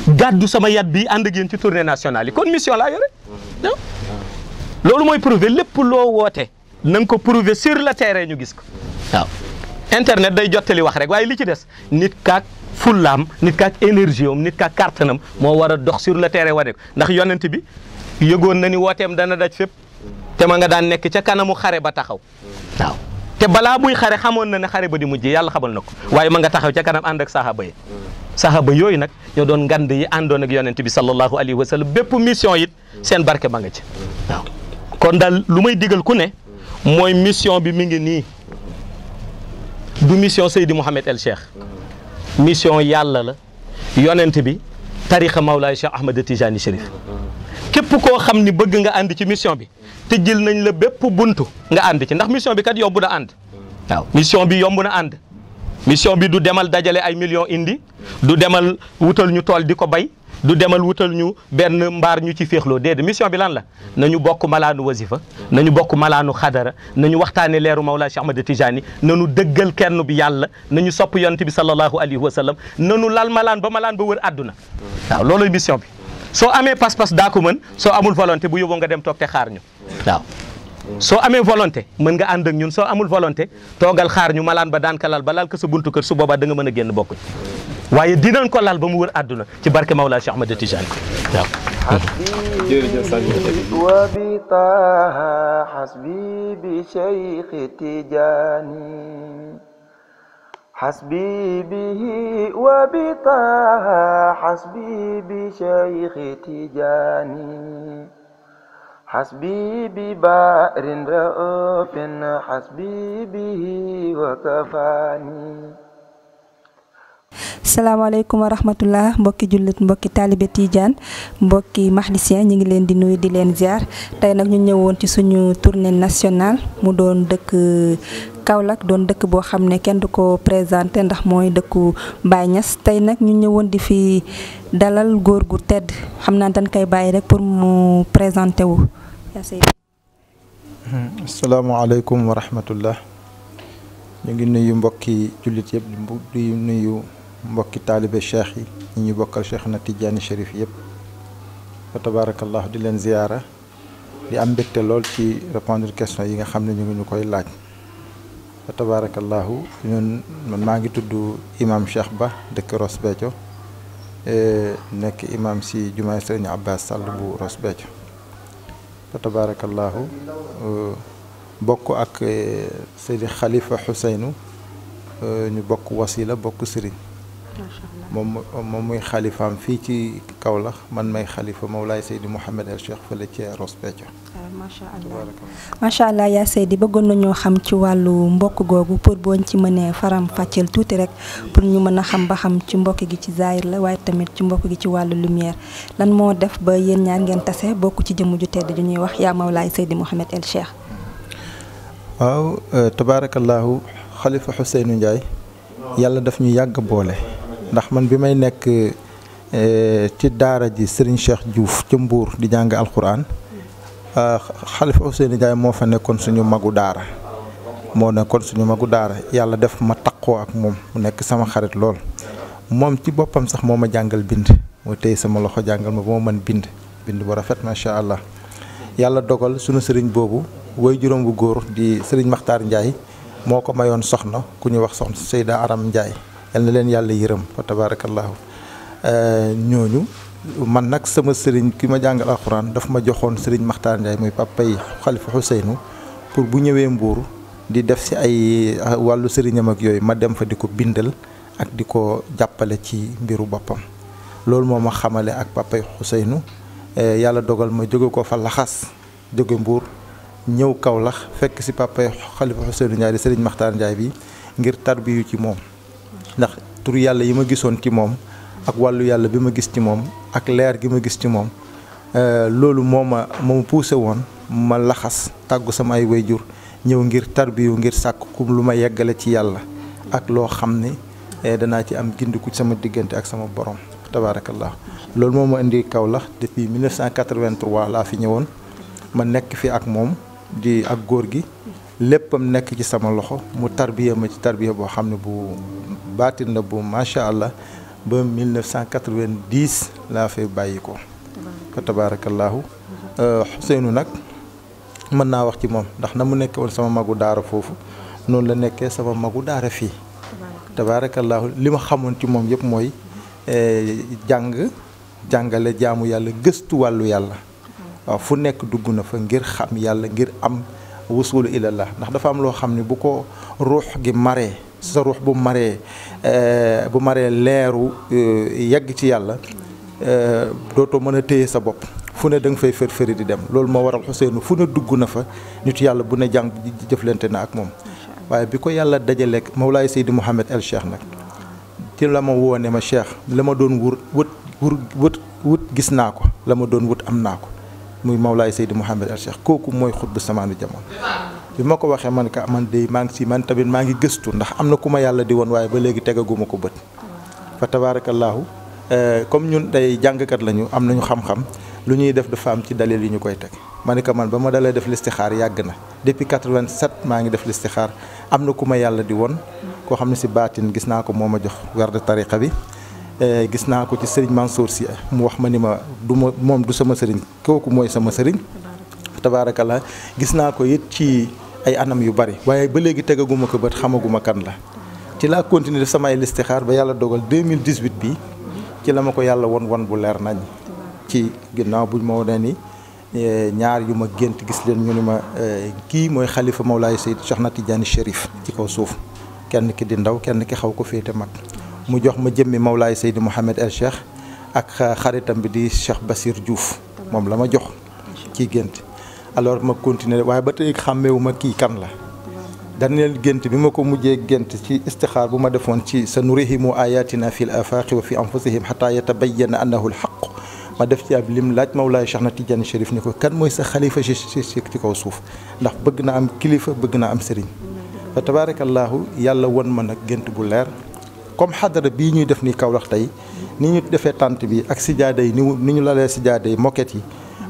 gàddu sama yat bi ànd ak yéen ci tournée nationale yi kon mission laa yore loolu mooy prouver lépp loo woote na ko prouver sur le terrain ñu gis ko waaw internet day jottali wax rek waaye li ci des nit kaak fullaam nit kaak énergie am nit kaak kàttanam moo war a dox le terrain wane ndax yonent bi yëgoon na ni wooteem dana daj fépp te ma nga daan nekk ca kanamu xare ba taxaw waaw te balaa buy xare xamoon na ne xare ba di mujj yàlla xamal na ko waaye ma nga taxaw ca kanam ànd ak saxaaba yi saxaaba yooyu nag ñoo doon ngand yi àndoon ak yonent bi sallallahu alayhi wa sallam bépp mission it seen barke ma nga ci waaw kon daal lu may digal ku ne mooy mission bi mi ngi nii du mission Seydi Mouhamed El Cheikh mission yàlla la yonent bi tarixa Mawlaay Cheikh Ahmed Tijani Chérif képp koo xam ni bëgg nga ànd ci mission bi te jël nañ la bépp buntu nga ànd ci ndax mission bi kat yomb na ànd waaw mission bi yomb na ànd mission bi du demal dajale ay millions indi du demal wutal ñu tool di ko bay du demal wutal ñu benn mbaar ñu ci féexloo déedéet mission bi lan la na ñu bokk malaanu na ñu bokk malaanu xadara nañu waxtaane leeru Mawlaa Cheikh Ahmad Tijaani nañu dëggal kenn bi yàlla na ñu sopp yonent bi sallallahu alayhi wa sallam nañu lal malaan ba malaan ba wër àdduna loolu mission bi soo amee pas-pas daa ko mën soo amul volonté bu yóbboo nga dem toog te xaar ñu waaw soo amee volonté mën nga ànd ak ñun soo amul volonté toogal xaar ñu malaan ba daan ka lal ba lal ko sa buntu kër su boobaa danga nga mën a génn bokkuñ waaye dinañ ko lal ba mu wër àdduna ci barke Mawlaa Cheikh Ahmad Tijaan ko waaw وبطه حسبي بشيخ حسبي به وبطه حسبي بشيخ mbokki jullit mbokki taalibe Tidiane mbokki mahlisien ñu ngi leen di nuyu di leen ziar tey nag ñu ñëwoon ci suñu tournée nationale mu doon dëkk kaw Kaolack doon dëkk boo xam ne kenn du ko présenté ndax mooy dëkku Baye Niass tey nag ñu ñëwoon di fi dalal góor gu tedd xam naa dañ koy bàyyi rek pour mu présenté wu. Hmm, asalaamaaleykum wa rahmatullah ñu ngi nuyu mbokki jullit yëpp di nuyu mbokki taalibe cheikh yi ñu ñu bokkal cheikh na Tidiane Chérif yëpp fa tabaarakallah di leen ziyaara di am mbégte lool ci répondre question yi nga xam ne ñu ngi ñu koy laaj. fa tabaarakallaahu ñun maa ngi tudd imam Cheikh Ba dëkk Ross Béthio e, nekk imam si jumaay Sëriñ Abbas Sall bu Ross Béthio fa tabaarakallaahu e, bokk ak e, Seydi Khalifa Xuseynu ñu bokk wasila bokk sëriñ moom moom muy xalifaam fii ci Kaolack man may xalifa Mawlaay Seydi Mouhamed El Cheikh fële ci Ross Béthio ah, macha allah macha allah yaa Seydi bëggoon nañoo xam ci wàllu mbokk googu pour booñ ci mënee faram fàcceel tuuti rek pour ñu mën a xam ba xam ci mbokk gi ci zaahir la waaye tamit ci mbokk gi ci wàllu lumière lan moo def ba yéen ñaar ngeen tase bokk ci jëmm ju tedd ju ñuy wax yaa Mawlaay Seydi Mouhamed El Cheikh. waaw euh, tabaarakallahu xalifa Ousseynou Ndiaye yàlla daf ñu yàgg boole. ndax man bi may nekk eh, ci daara ji sëriñ Cheikh Diouf ci mbuur di jàng alxuraan xalifa ah, Ousseynou Ndiaye moo fa nekkoon suñu magu daara moo nekkoon suñu magu daara yàlla def ma taqoo ak moom mu nekk sama xarit lool moom ci boppam sax moo ma jàngal bind moo téye sama loxo jàngal ma ba ma mën bind bind bu rafet macha allah yàlla dogal sunu sëriñ boobu way juróom góor di sëriñ Maxtaar Ndiaye moo ko mayoon soxna ku ñuy wax soxna Seyda Aram Ndiaye yal na leen yàlla yërëm fa tabaarakallaahu eh, ñooñu man nag sama sëriñ ki ma jàng alxuraan daf ma joxoon sëriñ Makhtar Ndiaye muy papay xalifa Xuseynu pour bu ñëwee Mbuur di def si ay ah, wàllu sëriñam ak yooyu ma dem fa di ko bindal ak di ko jàppale ci mbiru boppam loolu moo ma xamale ak papay Xuseynu eh, yàlla dogal ma jóge ko fa laxas jóge Mbuur ñëw Kawlax fekk si papay xalifa Xuseynu Ndiaye di sëriñ Makhtar Ndiaye bi ngir tarbiyu ci moom ndax tur yàlla yi ma gisoon ci moom ak wàllu yàlla bi ma gis ci moom ak leer gi ma gis ci moom euh, loolu moo ma moo ma woon ma laxas tàggu sama ay wayjur ñëw ngir tarbiyu ngir sàkk ku lu ma yeggale ci yàlla ak loo xam ni eh, danaa ci am gindiku sama diggante ak sama borom tabaarakallah loolu moo ma indi Kaolack depuis 1983 laa fi ñëwoon ma nekk fi ak moom di ak góor gi léppam nekk ci sama loxo mu tarbiya ma ci tarbiya boo xam ne bu baatin la bu macha allah ba 1990 laa fay bàyyi ko. fa tabaarakallaahu Ousseynou euh, nag mën naa wax ci moom ndax na mu nekkee woon sama magu daara foofu noonu la nekkee sama magu daara fii. tabaarakallaahu li ma xamoon ci moom yëpp mooy euh, jàng jàngale jaamu yàlla gëstu wàllu yàlla. waaw fu nekk dugg na fa ngir xam yàlla ngir am wusulu ilallah ndax dafa am loo xam ne bu ko ruux gi maree. sa ruux bu maree eh, bu maree leeru eh, yegg ci yàlla eh, dootoo mën a téye sa bopp fu ne danga nga fay fërfëri di dem loolu moo waral Ousseynou fu ne dugg na fa nit yàlla bu ne jàng jëflante na ak moom waaye bi ko yàlla dajaleeg Mawlaay Seydi Mouhamed El Cheikh nag ci la ma woone ma Cheikh la ma doon wur wut wut wut gis naa ko la ma doon wut am naa ko muy Mawlaay Seydi Mouhamed El Cheikh kooku mooy xutbu samaanu jamono bi ma ko waxee man ka man de maa ngi si man tamit maa ngi gëstu ndax am na ku ma yàlla di woon waaye ba léegi tegaguma ko bët fa tabaarakallaahu eh, comme ñun day jàngkat lañu am nañu xam-xam lu ñuy def dafa am ci dalil yi ñu koy teg ma ne ko man ba ma dalee def listixaar yàgg na depuis 87 maa ngi def listixaar am na ku ma yàlla di woon koo xam ne si baatin gis naa ko moo ma jox garde tariqa bi eh, gis naa ko ci sëriñ Mansour si mu wax ma ni ma du ma moom du sama sëriñ kooku mooy sama sëriñ la gis naa ko it ci ay anam yu bari waaye ba léegi tegaguma ko bët xamaguma kan la ci laa continuer def samay listixaar ba yàlla dogal 2018 bi ci la ma ko yàlla won won bu leer nañ ci ginnaaw buñ ma wone ni eh, ñaar yu ma gént gis leen ñu ni ma eh, kii mooy xalifa Mawlaay Seyd Soxna Tijaani Chérif ci kaw suuf kenn ki di ndaw kenn ki xaw ko féete mag mu jox ma jëmmi Mawlaay Seydi Mouhamed El Cheikh ak xaritam bi di Cheikh Basir Diouf moom la ma jox gént alors ma continuer waaye ba tey xàmmeewu ma kii kan la daniel gént bi ma ko mujjee gént ci istixaar bu ma defoon ci sa nurihimu ayatina fi l afaqi wa fi anfusihim xataa yatabayyana annahu lxaq ma def ci ab lim laaj Mawlaay Cheikh na Tidiane Chérif ni ko kan mooy sa xalifa ci ci kaw suuf ndax bëgg na am kilifa bëgg na am sëriñ fa tabaarakallaahu yàlla woon ma nag gént bu leer comme xadara bii ñuy def ni Kaolack tey ni ñu defee tànt bi ak sijaada yi ni ñu lalee sijaada yi moket yi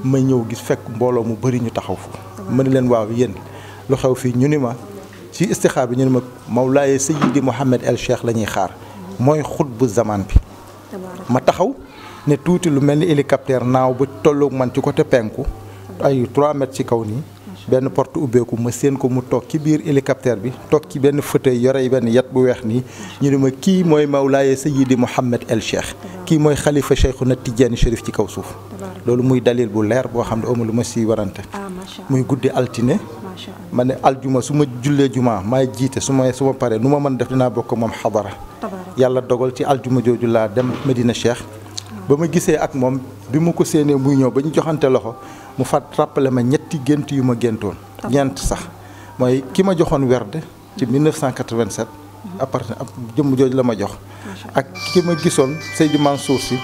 ma ñëw gis fekk mbooloo mu bëri ñu taxaw fa ma ne leen waaw yéen lu xew fii ñu ni ma ci istixaar bi ñu ne ma Mawlaaye Sayyidi Mouhamed El Cheikh la ñuy xaar mooy xut bu zamaan bi ma taxaw ne tuuti lu mel ni hélicoptère naaw ba tolloog man ci côté penku ay 3 ci kaw nii benn porte ubbeeku ma séen ko mu toog ci biir hélicoptère bi toog ci benn fauteuil yorey benn yat bu weex nii ñu ne ma kii mooy Mawlaaye Sayyidi Mouhamed El Cheikh kii mooy xalifa Cheikhuna Tijaani Chérif ci kaw suuf loolu muy dalil bu leer boo xam ne amul lu ma si warante ah, muy guddi altine ma ne aljuma su ma jullee jumaa maay jiite su ma su ma paree nu ma mën def dinaa bokk moom xadara yàlla dogal ci aljuma jooju laa dem Medina Cheikh ba ma gisee ak moom bi mu ko séenee muy ñëw ba ñu joxante loxo mu fat rappelé ma ñetti gént yu ma géntoon ñeent sax mooy ki ma joxoon werd ci 1987 mhm. appartient mhm. ab jëmm jooju la ma jox ak ki ma gisoon Seydou Mansour si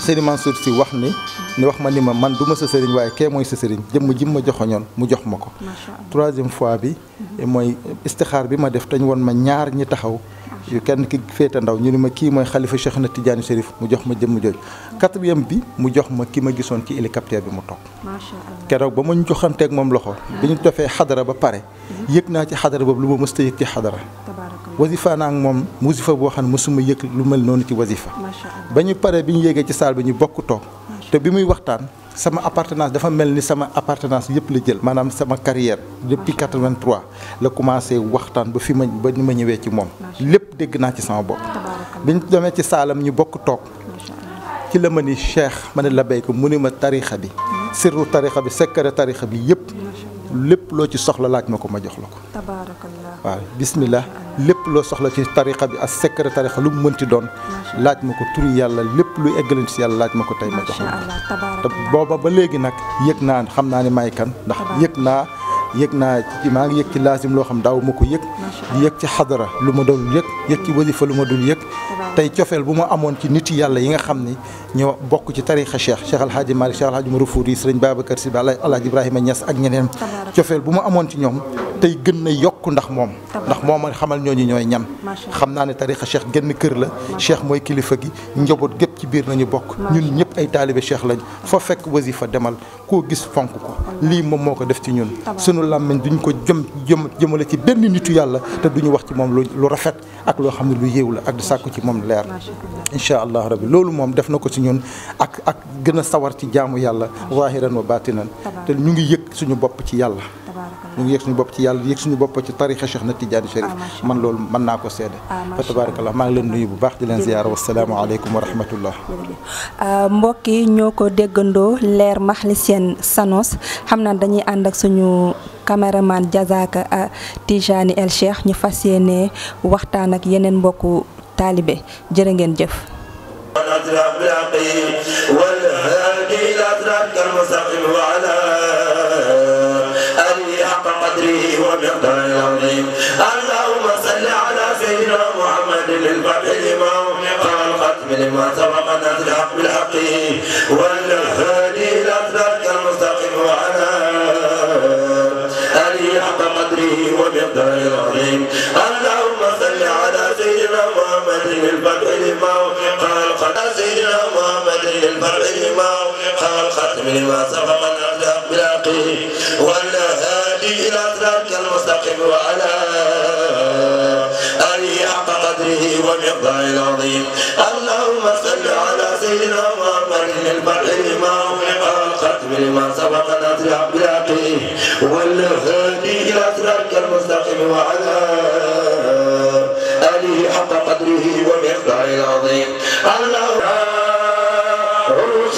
Seydou Mansour si wax ni ni wax ma ni ma man du ma sa sëriñ waaye kee mooy sa sëriñ jëmm jim ma joxoñoon mu jox ma ko troisième fois bi mhm. mooy istixaar bi ma def tañ woon ma ñaar ñi taxaw kenn ki féete ndaw ñu ni ma kii mooy xalifa Cheikh na Tidiane Chérif mu jox ma jëmm jooju quatrième bi mu jox ma ki ma gisoon ci hélicoptère bi mu toog keroog ba ma ñu joxanteeg moom loxo bi ñu defee xadara ba pare mhm. yëg naa ci xadara boobu lu ma mësta yëg ci xadara wasifa naa ak moom wasifa boo xam ne mësuma yëg lu mel noonu ci wasifa ba ñu bi ñu yéegee ci saal bi ñu bokk toog te bi muy waxtaan sama appartenance dafa mel ni sama appartenance yëpp la jël maanaam sama carrière depuis 83 la commencé waxtaan ba fi ma ba ni ma ñëwee ci moom lépp dégg naa ci sama bopp biñ demee ci saalam ñu bokk toog ci la ma ni cheikh ma ne la béy ko mu ni ma tarixa bi hmm? sirru tarixa bi secret tarixa bi yëpp lépp loo ci soxla laaj ma ko ma jox la ko. tabaarakallah waaw bismillah lépp loo soxla ci tariqa bi ak secret lu mu mënti doon. laaj ma ko turu yàlla lépp lu eggalan ci yàlla laaj ma ko tey ma jox la booba ba léegi nag yëg naa xam naa ne maay kan ndax yëg naa. yëg naa ci maa ngi yëg ci laasim loo xam daaw ma ko yëg di yëg ci xadara lu ma doon yëg yëg ci wasifa lu ma dul yëg tey cofeel bu ma amoon ci nit yàlla yi nga xam ni ñu bokk ci tarixa cheikh cheikh alhaaji malik cheikh alhaaji Umar Fuuti sëriñ babacar si alhaaji ibrahima ñas ak ñeneen cofeel bu ma amoon ci ñoom tey gën na yokk ndax moom ndax moom a xamal ñooñu ñooy ñam xam naa ne tarixa cheikh genn kër la cheikh mooy kilifa gi njaboot gépp ci biir nañu bokk ñun ñëpp ay taalibe cheikh lañ fa fekk wasifa demal koo gis fonk ko lii moom moo ko def ci ñun sunu làmmiñ duñ ko jëm jëm jëmale ci benn nitu yàlla te duñu wax ci moom lu rafet ak loo xam ne lu yéew la ak di sàkku ci moom leer incha allah rabbi loolu moom def na ci ñun ak ak sawar ci jaamu yàlla waahiran wa baatinan te ñu ngi yëg suñu bopp ci yàlla ñu ngi yëg suñu bopp ci yàlla yëg suñu bopp ci tarixa Cheikh na Tidiane Chérif ah, man loolu mën naa ko seede ah, fa tabarakallah maa ngi leen nuyu bu baax di leen ziyaara wasalaamualeykum wa rahmatullah ah, mbokk yi ñoo ko déggandoo leer maxli seen sanos xam naa dañuy ànd ak suñu caméraman Diazaka Tijani El Cheikh ñu fas yéene waxtaan ak yeneen mbokku taalibe jërë ngeen الأطراف العقيم والهادي إلى أطرافك المستقيم وعلى آله حق قدره ومقداره العظيم اللهم صل على سيدنا محمد الفتح لما وفق الختم لما سبق نزل الحق بالحق والهادي إلى أطرافك المستقيم وعلى آله حق قدره ومقداره العظيم اللهم صل على سيدنا محمد الفتح لما البر لما خلق الختم لما سبق من أخلاق بلاقيه وأن هادي إلى صراطك المستقيم وعلى آله حق قدره ومقداره العظيم اللهم صل على سيدنا محمد البر لما خلق الختم لما سبق من أخلاق بلاقيه وأن هادي إلى صراطك المستقيم وعلى آله حق قدره ومقداره العظيم اللهم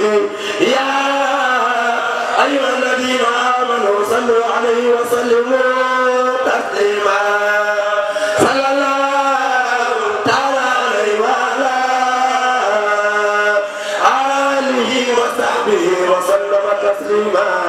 الصديق يا أيها الذين آمنوا صلوا عليه وسلموا تسليما صلى الله تعالى عليه وعلى آله وصحبه وسلم تسليما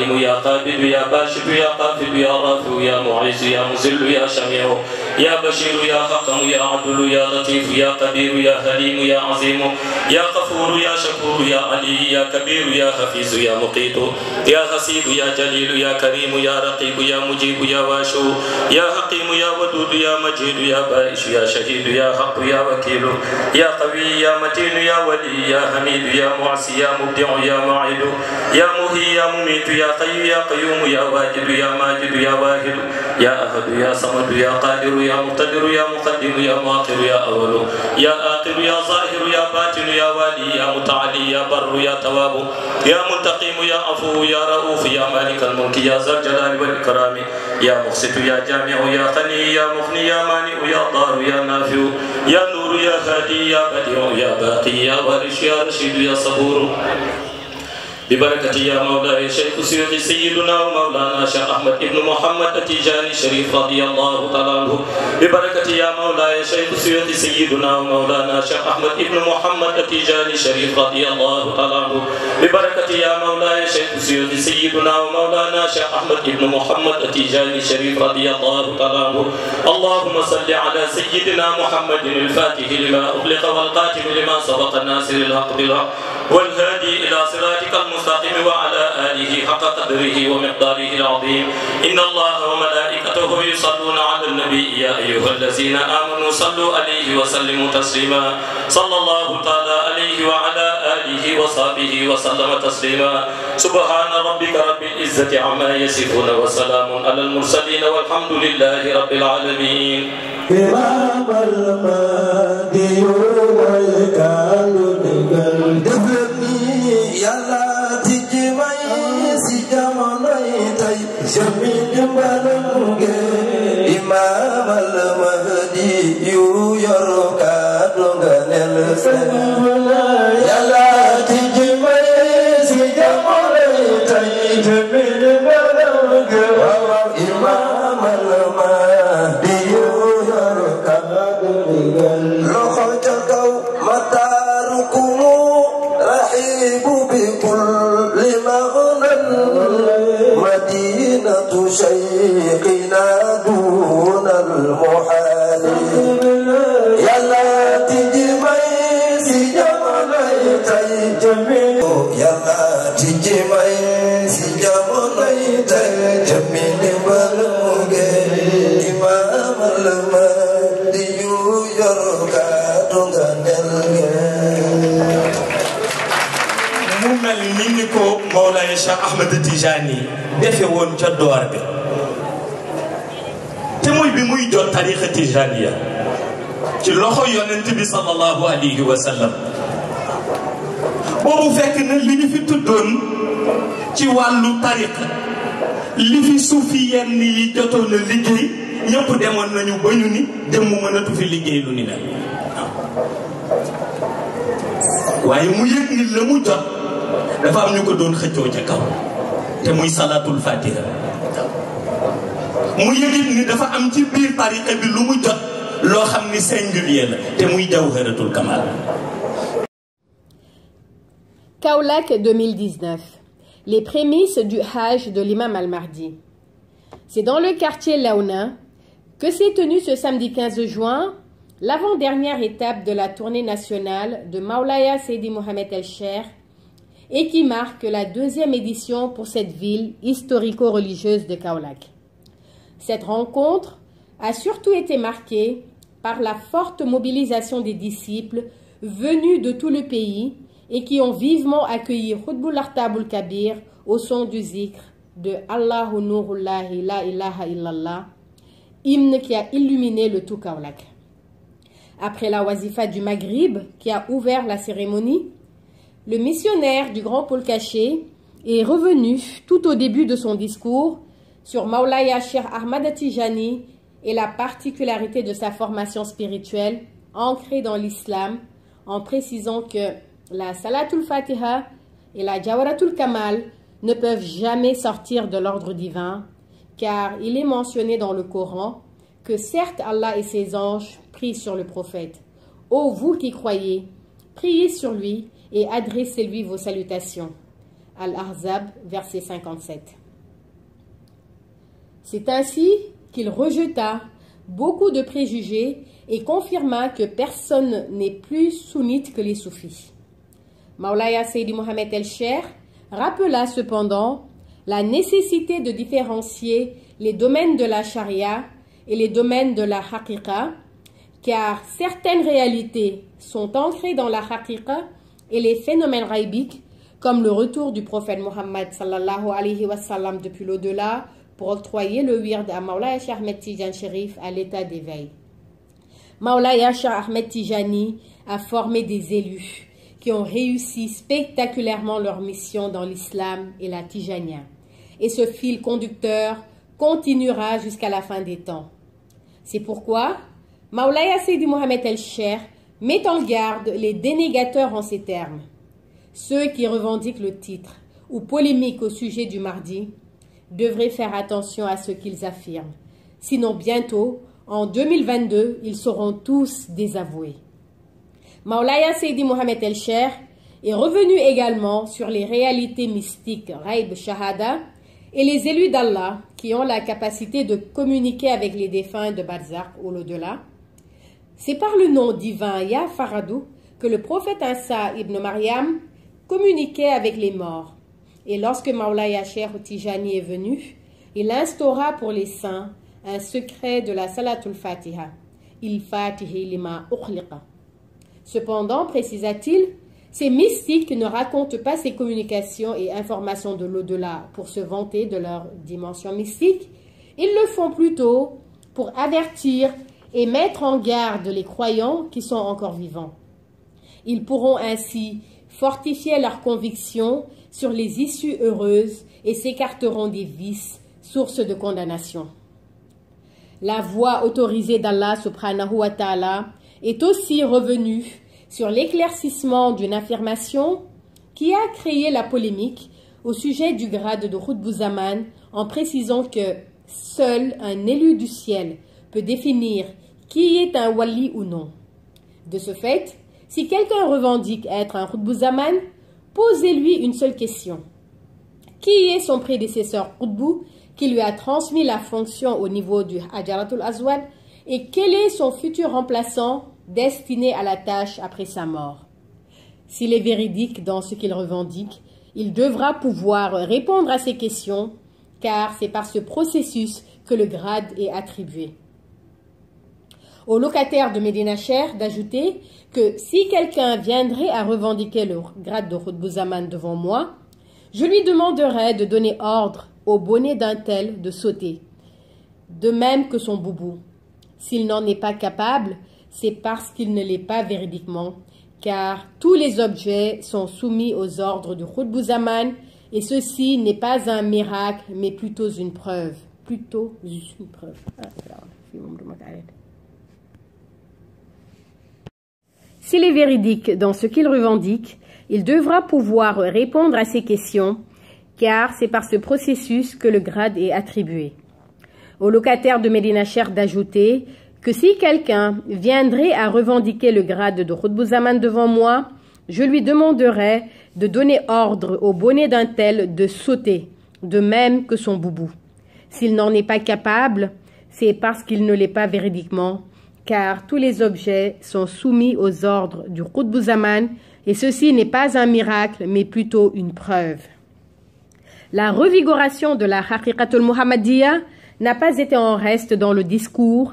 رحيم يا قابل يا باسط يا قافل يا رافع يا معز يا مذل يا سميع يا بشير يا حكم يا عدل يا لطيف يا قدير يا حليم يا عظيم يا غفور يا شكور يا علي يا كبير يا حفيظ يا مقيت يا حسيب يا جليل يا كريم يا رقيب يا مجيب يا واشو يا حكيم يا ودود يا مجيد يا بائش يا شهيد يا حق يا وكيل يا قوي يا متين يا ولي يا حميد يا معصي يا مبدع يا معيد يا مهي يا مميت يا قي يا قيوم يا واجد يا ماجد يا واهد يا أهد يا صمد يا قادر يا مقتدر يا مقدم يا مؤخر يا أول يا آخر يا ظاهر ظاهر يا باطن يا والي يا متعالي يا بر يا تواب يا منتقم يا عفو يا رؤوف يا مالك الملك يا ذا الجلال والإكرام يا مقسط يا جامع يا غني يا مغني يا مانع يا ضار يا نافع يا نور يا هادي يا بديع يا باقي يا وارث يا رشيد يا صبور ببركة يا مولاي شيخ سيوطي سيدنا ومولانا شيخ أحمد ابن محمد التجاني شريف رضي الله تعالى عنه ببركة يا مولاي شيخ سيوطي سيدنا ومولانا شيخ أحمد ابن محمد التجاني شريف رضي الله تعالى عنه ببركة يا مولاي شيخ سيوطي سيدنا ومولانا شيخ أحمد ابن محمد التجاني شريف رضي الله تعالى عنه اللهم صل على سيدنا محمد الفاتح لما أغلق والقاتم لما سبق الناصر الحق بالحق والهادي إلى صراطك المستقيم وعلى آله حق قدره ومقداره العظيم إن الله وملائكته يصلون على النبي يا أيها الذين آمنوا صلوا عليه وسلموا تسليما صلى الله تعالى عليه وعلى آله وصحبه وسلم تسليما سبحان ربك رب العزة عما يصفون وسلام على المرسلين والحمد لله رب العالمين إمام المهدي والكافر imaam al mahdi yu yor kàddu nga nel seen Cheikh Ahmed Tijani defe woon ca door bi te muy bi muy jot tarixa tijaniya ci loxo yonent bi sallallahu alayhi wa sallam boobu fekk na li ñu fi tuddoon ci wàllu tariqa li fi suufi yenn yi jotoon na liggéey ñëpp demoon nañu ba ñu ni dem mu mënatu fi liggéey lu ni la waaye mu yëg ni la mu dafa am ñu ko doon xëccoo ca kaw te muy te les prémices du Hajj de l'imam al-Mahdi c'est dans le quartier Laona que s'est tenue ce samedi juin l'avant-dernière étape de la tournée nationale de Maulaya Seydi Mohamed El Cheikh et qui marque la deuxième édition pour cette ville historico-religieuse de Kaolack. Cette rencontre a surtout été marquée par la forte mobilisation des disciples venus de tout le pays et qui ont vivement accueilli Khutbul Artabul Kabir au son du zikr de Allahu Nurullahi la ilaha illallah, hymne qui a illuminé le tout Kaolack. Après la wazifa du Maghrib qui a ouvert la cérémonie, le missionnaire du Grand Pôle Caché est revenu tout au début de son discours sur Maulaya Shir Ahmad Tijani et la particularité de sa formation spirituelle ancrée dans l'islam en précisant que la Salatul Fatiha et la Jawaratul Kamal ne peuvent jamais sortir de l'ordre divin car il est mentionné dans le Coran que certes Allah et ses anges prient sur le prophète. Ô vous qui croyez, priez sur lui et adressez-lui vos salutations. Al-Ahzab, verset 57. C'est ainsi qu'il rejeta beaucoup de préjugés et confirma que personne n'est plus sunnite que les soufis. Maulaya Seydi Mohamed El-Sher rappela cependant la nécessité de différencier les domaines de la charia et les domaines de la haqiqa, car certaines réalités sont ancrées dans la haqiqa et les phénomènes raïbiques, comme le retour du prophète Mohammed sallallahu alayhi depuis l'au-delà pour octroyer le wird à Maulaya Shah Ahmed Sherif à l'état d'éveil. Maulaya Shah Tijani a formé des élus qui ont réussi spectaculairement leur mission dans l'islam et la Tijania. Et ce fil conducteur continuera jusqu'à la fin des temps. C'est pourquoi Maulaya Seydi Mohamed El-Sher met en garde les dénégateurs en ces termes. Ceux qui revendiquent le titre ou polémiquent au sujet du mardi devraient faire attention à ce qu'ils affirment. Sinon bientôt, en 2022, ils seront tous désavoués. Maulaya Seydi Mohamed El Cher est revenu également sur les réalités mystiques Raib Shahada et les élus d'Allah qui ont la capacité de communiquer avec les défunts de Barzakh ou l'au-delà C'est par le nom divin Ya Faradou que le prophète Issa ibn Mariam communiquait avec les morts. Et lorsque Maulaya Cher Tijani est venu, il instaura pour les saints un secret de la Salatul Fatiha. Il fatihi lima Cependant, précisa-t-il, ces mystiques ne racontent pas ces communications et informations de l'au-delà pour se vanter de leur dimension mystique. Ils le font plutôt pour avertir et mettre en garde les croyants qui sont encore vivants. Ils pourront ainsi fortifier leurs convictions sur les issues heureuses et s'écarteront des vices, sources de condamnation. La voie autorisée d'Allah subhanahu wa est aussi revenue sur l'éclaircissement d'une affirmation qui a créé la polémique au sujet du grade de Bouzamane en précisant que seul un élu du ciel peut définir qui est un wali ou non. De ce fait, si quelqu'un revendique être un Qutbouzaman, posez-lui une seule question. Qui est son prédécesseur Qutbou qui lui a transmis la fonction au niveau du Hajaratul Aswad et quel est son futur remplaçant destiné à la tâche après sa mort S'il est véridique dans ce qu'il revendique, il devra pouvoir répondre à ces questions car c'est par ce processus que le grade est attribué. aux locataires de Medina Cher d'ajouter que si quelqu'un viendrait à revendiquer le grade de Bouzamane devant moi, je lui demanderais de donner ordre au bonnet d'un tel de sauter, de même que son boubou. S'il n'en est pas capable, c'est parce qu'il ne l'est pas véridiquement, car tous les objets sont soumis aux ordres du Bouzamane et ceci n'est pas un miracle, mais plutôt une preuve. Ah, S'il est véridique dans ce qu'il revendique, il devra pouvoir répondre à ces questions, car c'est par ce processus que le grade est attribué. Au locataire de Medina d'ajouter que si quelqu'un viendrait à revendiquer le grade de Khutbouzaman devant moi, je lui demanderai de donner ordre au bonnet d'un tel de sauter, de même que son boubou. S'il n'en est pas capable, c'est parce qu'il ne l'est pas véridiquement car tous les objets sont soumis aux ordres du Qutbuzaman, et ceci n'est pas un miracle, mais plutôt une preuve. La revigoration de la Haqiqatul Muhammadiyya n'a pas été en reste dans le discours,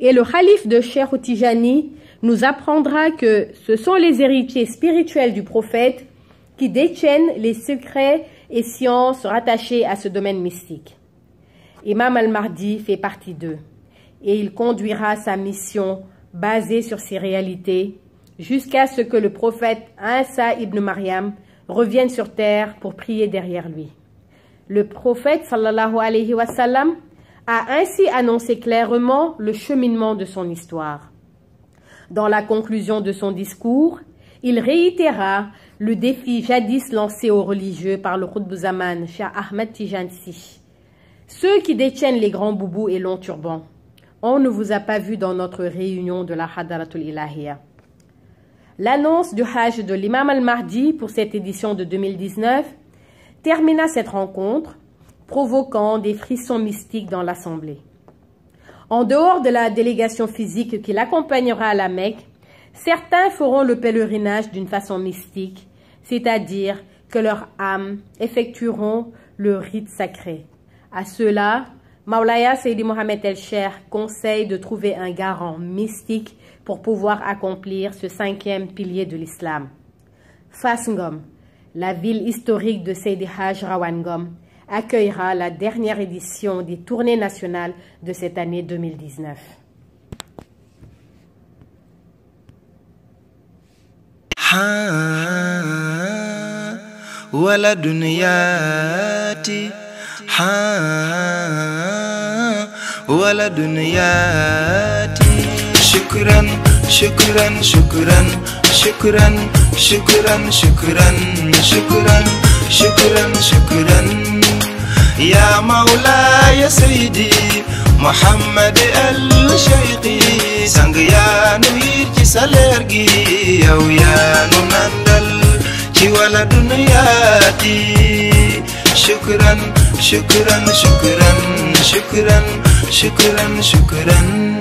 et le calife de Cheikh Tijani nous apprendra que ce sont les héritiers spirituels du prophète qui détiennent les secrets et sciences rattachés à ce domaine mystique. Imam al fait partie d'eux. et il conduira sa mission basée sur ces réalités jusqu'à ce que le prophète Insa ibn Mariam revienne sur terre pour prier derrière lui. Le prophète sallallahu alayhi a ainsi annoncé clairement le cheminement de son histoire. Dans la conclusion de son discours, il réitéra le défi jadis lancé aux religieux par le Khutbouzaman, Shah Ahmed Tijansi. Ceux qui détiennent les grands boubous et longs turbans on ne vous a pas vu dans notre réunion de la Hadaratul Ilahia. L'annonce du Hajj de l'imam al-Mahdi pour cette édition de termina cette rencontre, provoquant des frissons mystiques dans l'Assemblée. En dehors de la délégation physique qui l'accompagnera à la Mecque, certains feront le pèlerinage d'une façon mystique, c'est-à-dire que leurs âmes effectueront le rite sacré. À ceux-là, Maulaya Seydi Mohamed El Cher conseille de trouver un garant mystique pour pouvoir accomplir ce cinquième pilier de l'islam. Fass la ville historique de Seydi Hadj accueillera la dernière édition des tournées nationales de cette année ها ولد ياتي شكرا شكرا شكرا شكرا شكرا شكرا شكرا شكرا شكرا يا مولاي سيدي محمد الشيقي sang yaa nu yiir ci sa leer gi yow yaa nu nandal ci Waladun Yaati shukran شكرا شكرا شكرا شكرا شكرا, شكرا